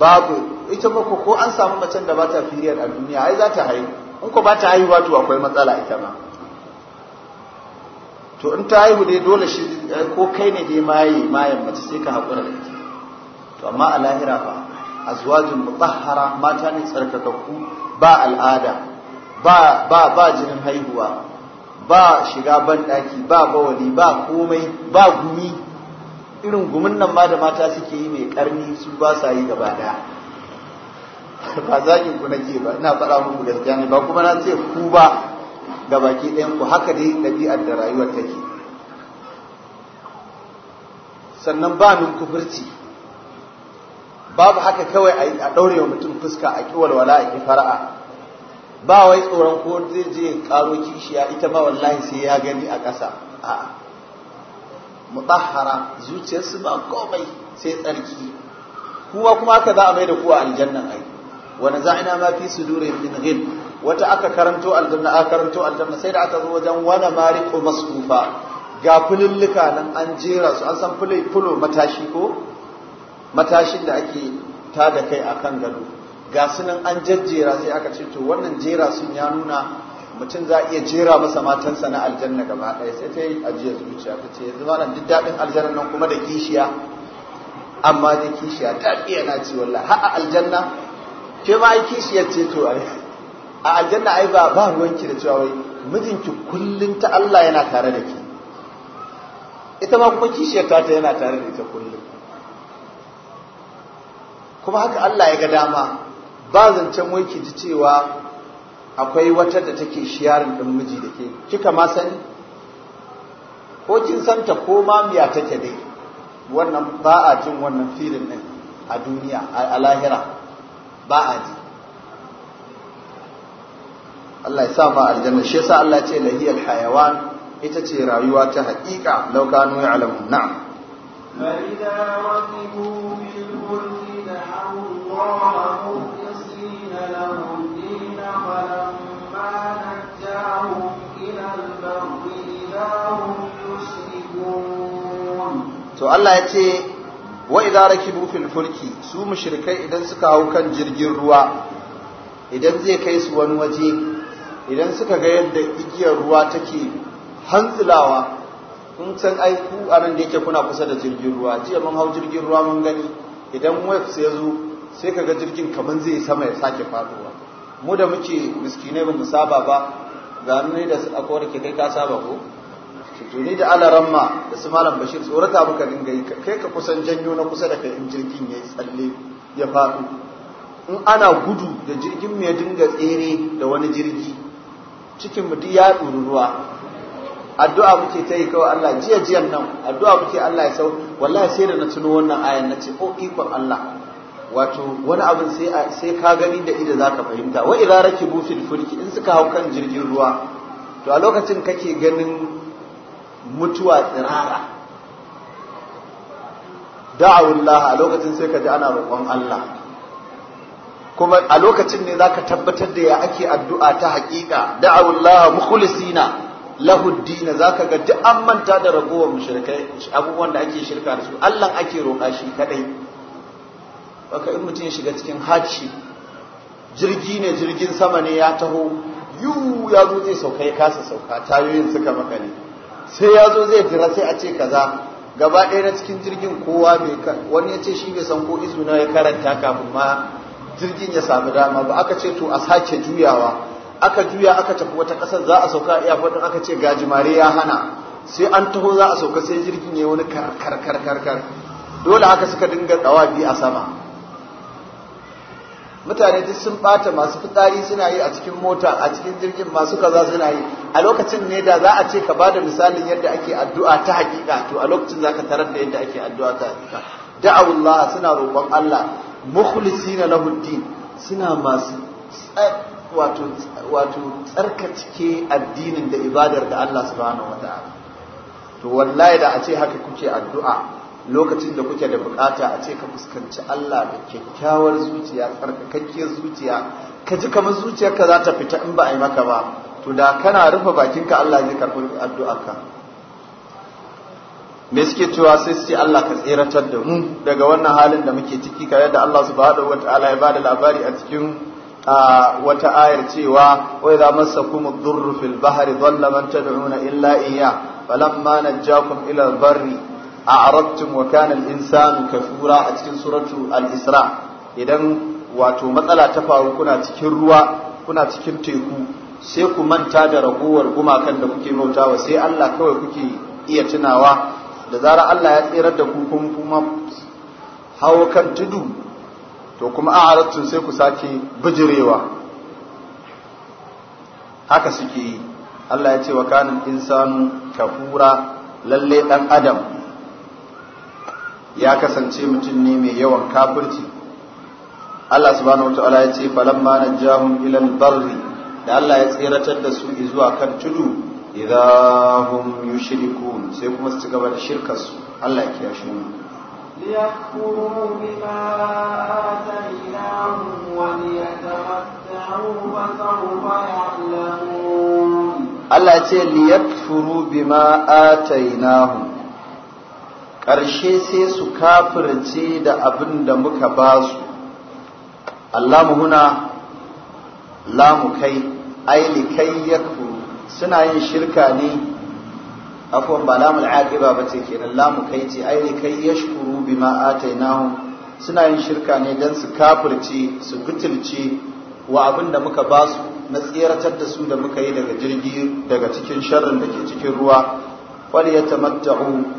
babu ita ba ko an samu macen da ba ta firiyar a duniya ai za ta haihu in ko ba ta haihuwa to akwai matsala ita ma to in ta haihu dai dole shi eh, ko kai ne dai maye mayan mace sai ka haƙura da ita to amma a lahira fa azwajin mutahhara mata ne tsarkakakku ba al'ada ba ba ba jinin haihuwa ba shiga ban daki ba bawali ba komai ba gumi irin gumin nan ma da mata suke yi mai karni su ba sa yi gaba ɗaya. ba zagin ku nake ba ina faɗa muku gaskiya ne ba kuma na ce ku ba ga baki ɗayan ku haka dai ɗabi'ar da rayuwar take sannan ba nun kufurci babu haka kawai a ɗaure wa mutum fuska a ƙi a ƙi fara'a ba wai tsoron ko zai je karo kishiya ita ma wallahi sai ya gani a ƙasa a mutahara zuciyarsu ba komai sai tsarki kuma kuma haka za a mai da kuwa aljannan aiki wa zaina ma fi dure min hin? wata aka karanto aljanna aka karanto aljanna sai da aka zo wajen wana mariku masfufa ga fulullika nan an jera su an san fulai fulo matashi ko matashin da ake ta da kai akan gado ga sunan an jajjera sai aka ce to wannan jera sun ya nuna mutum za a iya jera masa matansa na aljanna gaba ɗaya sai ta yi ajiyar zuciya ta ce yanzu malam duk daɗin aljanna nan kuma da kishiya amma da kishiya ta iya na ce wallahi har a aljanna ke ma ai kishiyar ce to ai a aljanna ai ba ba ruwanki da cewa wai mijinki kullun ta Allah yana tare da ke ita ma kuma kishi ta ta yana tare da ita kullun kuma haka Allah ya ga dama ba zancen wai ki ji cewa akwai wata da take shiyarin ɗin miji da ke kika ma sani ko kin santa ko ma miya take dai wannan ba a jin wannan filin din a duniya a lahira ba a ji Allah ya sa a aljanna shi yasa Allah ya ce lahiyal hayawan ita ce rayuwa ta haƙiƙa law kanu ya'lamun na'am فإذا ركبوا دعوا الله مخلصين له الدين فلما نجاهم إلى البر إذا هم يشركون. So Allah ya ce wa idza rakibu fil fulki su mushrikai idan suka hau kan jirgin ruwa idan zai kai su wani waje idan suka ga yadda igiyar ruwa take hantsilawa kun san ai ku anan da yake kuna kusa da jirgin ruwa jiya mun hau jirgin ruwa mun gani idan waves ya zo sai kaga jirgin kaman zai sama ya sake faduwa mu da muke miskinai ba mu saba ba ga ne da akwai da ke kai ka saba ko tuni da ramma da su malam bashir tsorata muka dinga yi kai ka kusan janyo na kusa da kai in jirgin ya yi tsalle ya faɗo in ana gudu da jirgin mai dinga tsere da wani jirgi cikin mu ya ɗuru ruwa addu'a muke ta yi kawai Allah jiya jiyan nan addu'a muke Allah ya sau wallahi sai da na tuno wannan ayan na ce ko ikon Allah wato wani abin sai sai ka gani da ido zaka fahimta wa idza rakibu fil fulki in suka hau kan jirgin ruwa to a lokacin kake ganin mutuwa tsirara da'awullah a lokacin sai ka ji ana roƙon Allah kuma a lokacin ne zaka tabbatar da ya ake addu'a ta haƙiƙa da'awullah mukhlisina lahu dina zaka ga duk an manta da ragowar mushrikai abubuwan da ake shirka da su Allah ake roƙa shi kadai baka in mutum ya shiga cikin haci jirgi ne jirgin sama ne ya taho yu ya zo zai sauka ya kasa sauka tayoyin suka makale sai ya zo zai fira sai a ce kaza gaba ɗaya na cikin jirgin kowa kan wani ya ce shi bai san ko izu na ya karanta kafin ma jirgin ya sami dama ba aka ce to a sake juyawa aka juya aka tafi wata ƙasar za a sauka a iyakar aka ce gajimare ya hana sai an taho za a sauka sai jirgin ya yi wani karkar karkar dole aka suka dinga biyu a sama mutane duk sun bata masu fitsari suna yi a cikin mota a cikin jirgin masu kaza suna yi a lokacin ne da za a ce ka bada misalin yadda ake addu'a ta hakika to a lokacin zaka tarar da yadda ake addu'a ta hakika da'awullah suna roƙon Allah mukhlisina lahu din suna masu wato wato cike addinin da ibadar da Allah subhanahu wataala to wallahi da a ce haka kuke addu'a lokacin da kuke da bukata a ce ka fuskanci Allah da kyakkyawar zuciya tsarkakakkiyar zuciya ka ji kamar zuciyarka za ta fita in ba a yi maka ba to da kana rufe bakinka Allah zai karɓi ka. me suke cewa sai su ce Allah ka tseratar da mu daga wannan halin da muke ciki ka yadda Allah subhanahu wataala ya bada labari a cikin wata ayar cewa wa idza massakum ad-durru fil bahri dhalla man tad'una illa iyya falamma najjakum ila al-barri a'rabtum wa kana al-insanu kafura a cikin suratu al-isra idan wato matsala ta faru kuna cikin ruwa kuna cikin teku sai ku manta da ragowar gumakan da kuke bautawa sai Allah kawai kuke iya tunawa da zarar Allah ya tsirar da ku kun kuma hawo kan tudu to kuma a'rabtum sai ku sake bijirewa haka suke yi Allah ya ce wa kana al-insanu kafura lalle dan adam ya kasance mutum ne mai yawan kafirci Allah subhanahu ta'ala ya ce falamma najahum ila al-barri da Allah ya tseratar da su zuwa kan tudu idahum yushrikun sai kuma su ci gaba da shirkar su Allah ya kiyashe mu liyakuru bima atainahum wa liyatamatta'u wa sawfa ya'lamun Allah ya ce liyakfuru bima atainahum ƙarshe sai su kafirce da abin da muka ba su allamu huna lamu kai aili kai ya suna yin shirka ne afuwan ba lamun aqiba ba ce kenan lamu kai ce aili kai ya shukuru bima atainahum suna yin shirka ne don su kafirce su butulce wa abin da muka ba su na tseratar da su da muka yi daga jirgi daga cikin sharrin da ke cikin ruwa ta yatamatta'u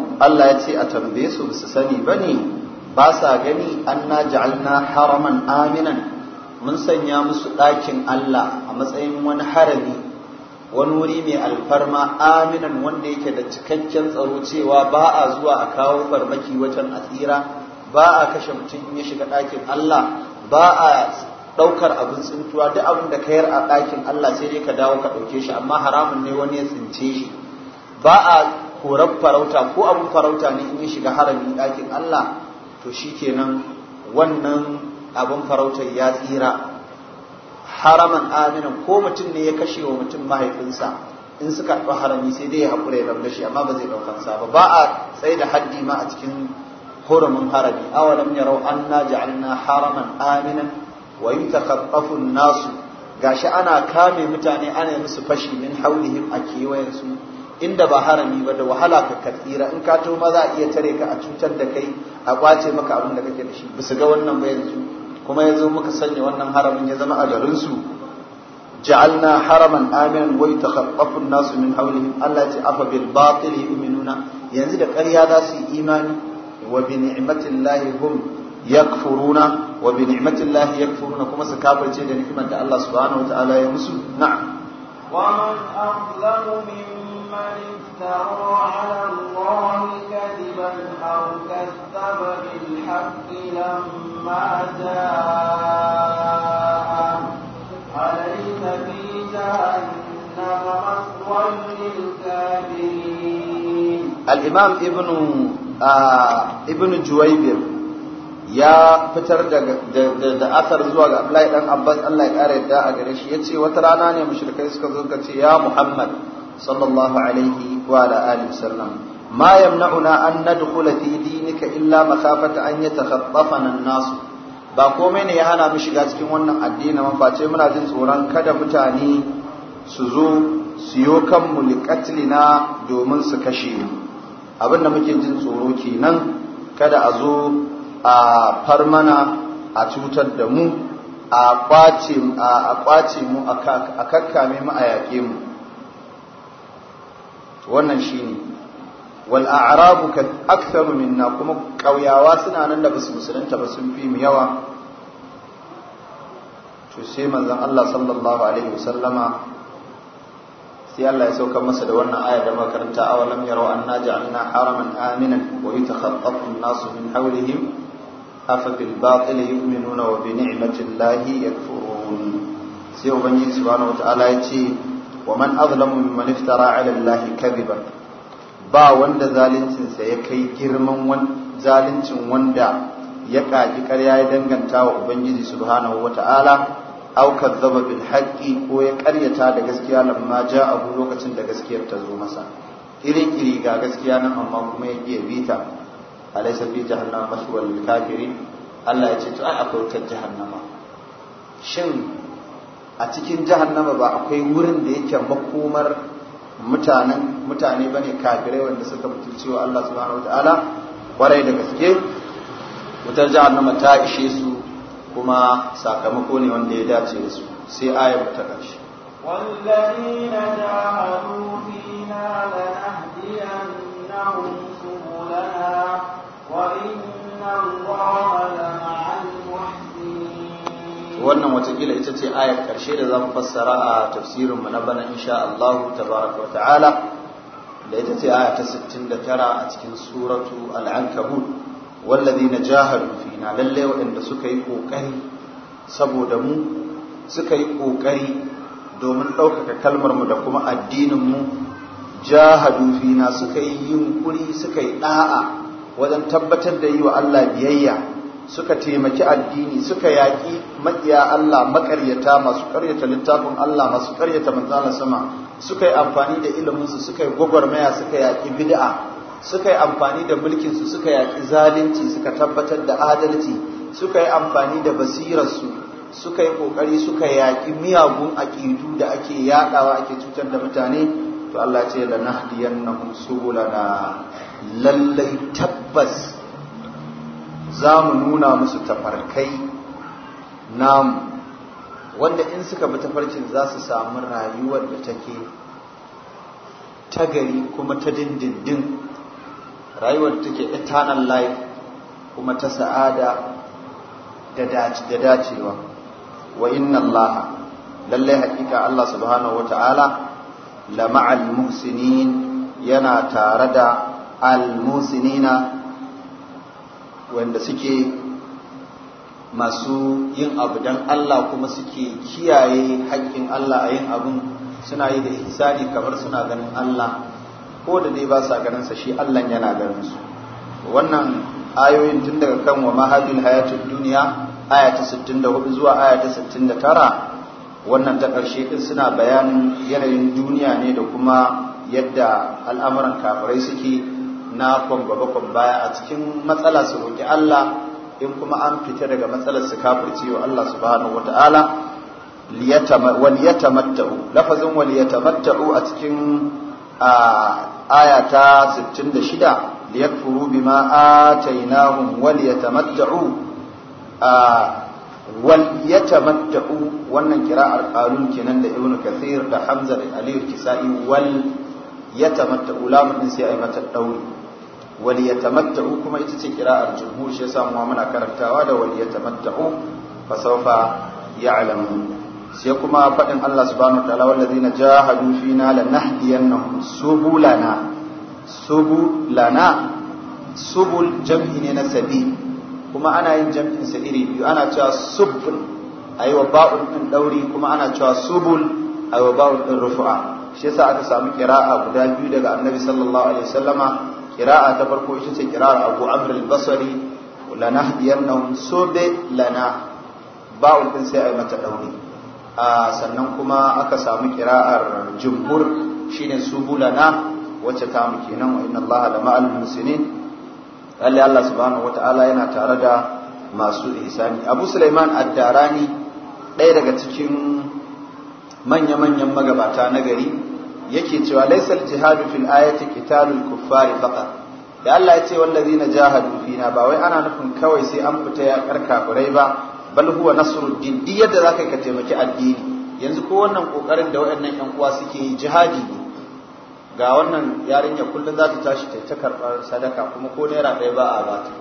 Allah ya ce a tambaye su ba su sani ba ne ba sa gani an na ja'alna haraman aminan mun sanya musu ɗakin Allah a matsayin wani harami wani wuri mai alfarma aminan wanda yake da cikakken tsaro cewa ba a zuwa a kawo farmaki wajen asira ba a kashe mutum in ya shiga ɗakin Allah ba a ɗaukar abin tsintuwa duk abin da kayar a ɗakin Allah sai dai ka dawo ka ɗauke shi amma haramun ne wani ya tsince shi ba a korar farauta ko abin farauta ne in ya shiga harami, ɗakin Allah to shi kenan wannan abin farautar ya tsira haraman aminan ko mutum ne ya kashe wa mutum mahaifinsa in suka ɗau harami sai dai ya haƙura ya rabu shi amma ba zai ɗaukar sa ba ba a tsaye da haddi ma a cikin hurumin harami awalam yarau anna ja'alna haraman aminan wa yutakaffafun nasu Ga shi ana kame mutane ana musu fashi min haulihim a kewayensu. inda ba harami ba da wahala ka katsira in ka to ma za a iya tare ka a cutar da kai a kwace maka abin da kake da shi bisa ga wannan ba yanzu kuma yanzu muka sanya wannan haramin ya zama a garin su ja'alna haraman aminan wai yatakhaffafu an-nasu min hawlihi Allah ya afa bil batil yu'minuna yanzu da ƙarya za su yi imani wa bi ni'matillahi hum yakfuruna wa bi ni'matillahi yakfuruna kuma su kafirce da ni'imar da Allah subhanahu wa ta'ala ya musu na'am min من افترى على الله كذبا أو كذب بالحق لما جاء أليس في جهنم مثوى للكافرين الإمام ابن آه ابن جويبر ya fitar da asar zuwa ga Abdullahi dan Abbas Allah ya kare da a gare shi yace wata rana ne mushrikai suka zo ka ce ya Muhammad sallallahu alaihi wa ala alihi wasallam ma yamna'una an nadkhula fi dinika illa makafata, an yatakhaffafana an ba komai ne ya hana mu shiga cikin wannan addini man face muna jin tsoron kada mutane su zo su yo kan mu liqatlina domin su kashe mu abinda muke jin tsoro kenan kada a zo a mana a cutar da mu a kwace mu a kakkame mu a yaƙe mu wannan shine wal a'rabu aktharu minna kuma ƙauyawa suna nan da basu musulunta ba sun fi mu yawa to sai manzon Allah sallallahu alaihi wasallama sai Allah ya sauka masa da wannan aya da makaranta a walam yarau anna ja'alna haraman aminan wa yatakhaffatu an-nasu min hawlihim afa bil batil yu'minuna wa bi ni'mati yakfurun sai ubangiji subhanahu wata'ala ya ce wa man azlamu mimman iftara ala allahi kadhiban ba wanda zalincin sa ya kai girman wan zalincin wanda ya kaji ƙarya ya danganta wa ubangiji subhanahu ta'ala aw kazzaba bil haqqi ko ya ƙaryata da gaskiya lamma ja'ahu lokacin da gaskiyar ta zo masa kiri-kiri ga gaskiya nan amma kuma ya iya bita alaysa fi jahannama maswal lil kafirin Allah ya ce to ai akwai ta jahannama shin a cikin jahannama ba akwai wurin da yake makomar mutanen mutane bane kafirai wanda suka mutunci wa Allah subhanahu wataala kwarai da gaske wutar jahannama ta ishe su kuma sakamako ne wanda ya dace da su sai ayaba ta ƙarshe والذين جاهدوا فينا لنهدينهم سبلنا وإن الله لمع wannan watakila ita ce ayar karshe da za mu fassara a tafsirinmu na bana insha Allah tabaraka wa ta'ala da ita ce aya ta 69 a cikin suratu al-ankabut na jahadu fina lalle waɗanda suka yi kokari saboda mu suka yi ƙoƙari domin ɗaukaka kalmar mu da kuma addinin mu jahadu fina suka yi yunkuri suka yi ɗa'a wajen tabbatar da yi wa Allah biyayya suka taimaki addini suka yaƙi maƙiya Allah maƙaryata masu ƙaryata littafin Allah masu ƙaryata manzala sama suka yi amfani da iliminsu suka yi gwagwarmaya suka yaƙi bid'a suka yi amfani da mulkinsu suka yaƙi zalunci suka tabbatar da adalci suka yi amfani da basirarsu suka yi ƙoƙari suka yaƙi miyagun aƙidu da ake yaɗawa ake cutar da mutane to Allah ce lana nahdiyannahum subulana lallai tabbas za mu nuna musu tafarkai namu wanda in suka bi tafarkin za su samu rayuwar da take ta gari kuma ta dindindin rayuwar da take eternal life kuma ta sa'ada da dacewa wa inna allaha lallai hakika allah subhanahu Wata'ala, ta'ala la ma'al muhsinin yana tare da al muhsinina wanda suke masu yin abu don Allah kuma suke kiyaye haƙƙin Allah a yin abin suna yi da ihsani kamar suna ganin Allah ko da dai ba sa ganin sa shi Allah yana ganin su wannan ayoyin tun daga kan wa mahadil hayatun duniya aya ta 64 zuwa aya ta 69 wannan ta ƙarshe din suna bayanin yanayin duniya ne da kuma yadda al'amuran kafirai suke na kwamba baya a cikin matsala su roƙi Allah in kuma an fita daga matsalar su kafirci wa Allah subhanahu wata'ala waliyatamatta'u lafazin waliyatamatta'u a cikin ayata liyar aya ta 66 liyakfuru bima atainahum waliyatamatta'u waliyatamatta'u wannan kira a ƙarun kinan da ibnu kathir da hamza da aliyu kisai wal yatamatta'u lamun sai a mata dauri wali kuma ita ce kira'ar jumhur shi yasa mu muna karantawa da wali yatamatta'u fa sawfa ya'lamu sai kuma fadin Allah subhanahu wa ta'ala wallazina jahadu fina lanahdiyannahum subulana subulana subul jam'i ne na sabil kuma ana yin jam'in sa iri biyu ana cewa subul ayi wa ba'un din dauri kuma ana cewa subul ayi wa ba'un din rufu'a shi yasa aka samu qira'a guda biyu daga annabi sallallahu alaihi wasallama kira'a ta farko ita ce kira'ar abu amr al-basri lana hadiyannahum sobe lana ba din sai ai mata dauri a sannan kuma aka samu kira'ar jumhur shine subulana wacce ta mu kenan wa inna allaha la ma'al muslimin alli Allah subhanahu wata'ala yana tare da masu ihsani Abu Sulaiman ad-Darani ɗaya daga cikin manya-manyan magabata na gari yake cewa laysal jihadu fil ayati qitalul kuffari faqat da Allah ya ce wallazina jahadu fina ba wai ana nufin kawai sai an fita karka kurai ba bal huwa nasruddin duk yadda zaka ka taimaki addini yanzu ko wannan kokarin da waɗannan yan uwa suke yi jihadi ne ga wannan yarinya kullun za ta tashi ta ta karɓar sadaka kuma ko naira ɗaya ba a bata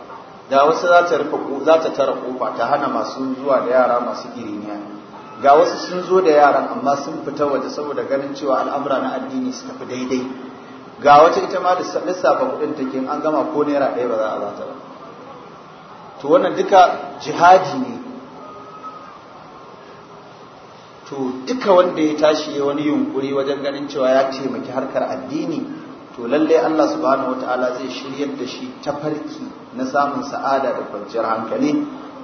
da wasu za ta rufe za ta tara kofa ta hana masu zuwa da yara masu giriniya ga wasu sun zo da yaran amma sun fita waje saboda ganin cewa al'amura na addini su tafi daidai ga wata ita ma da lissafa kudin take an gama ko naira ɗaya ba za a zata ba to wannan duka jihadi ne to duka wanda ya tashi ya wani yunkuri wajen ganin cewa ya taimaki harkar addini to lalle Allah subhanahu wataala zai shiryar da shi ta farki na samun sa'ada da kwanciyar hankali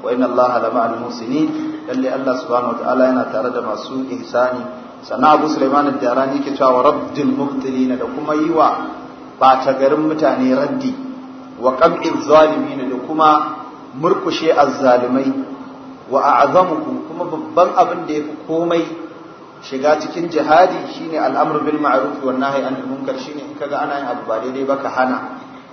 wa inna allaha la ma'al muhsinin lalle allah subhanahu wataala yana tare da masu ihsani sana abu sulaiman ad-darani yake cewa raddil mubtilina da kuma yiwa bata garin mutane raddi wa qam'il zalimin da kuma murkushe azzalimai wa a'zamukum kuma babban abin da fi komai shiga cikin jihadi shine al'amru bil ma'ruf wan nahi anil munkar shine in kaga ana yin abu ba daidai ba ka hana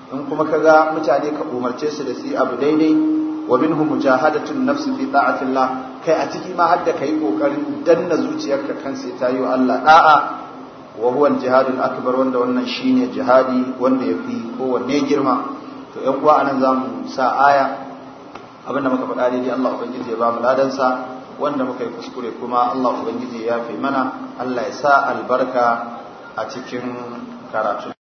in kuma kaga mutane ka umarce su da su abu daidai wa minhu mujahadatun nafsi fi ta'atillah kai a ciki ma hadda kai kokarin danna zuciyarka kan sai ta yi Allah da'a wa huwa al akbar wanda wannan shine jihadi wanda yafi kowanne girma to 'yan uwa anan zamu sa aya abinda muka faɗa dai Allah ubangiji ya ba mu ladan sa wanda muka yi kuskure kuma Allah ubangiji ya fi mana Allah ya sa albarka a cikin karatu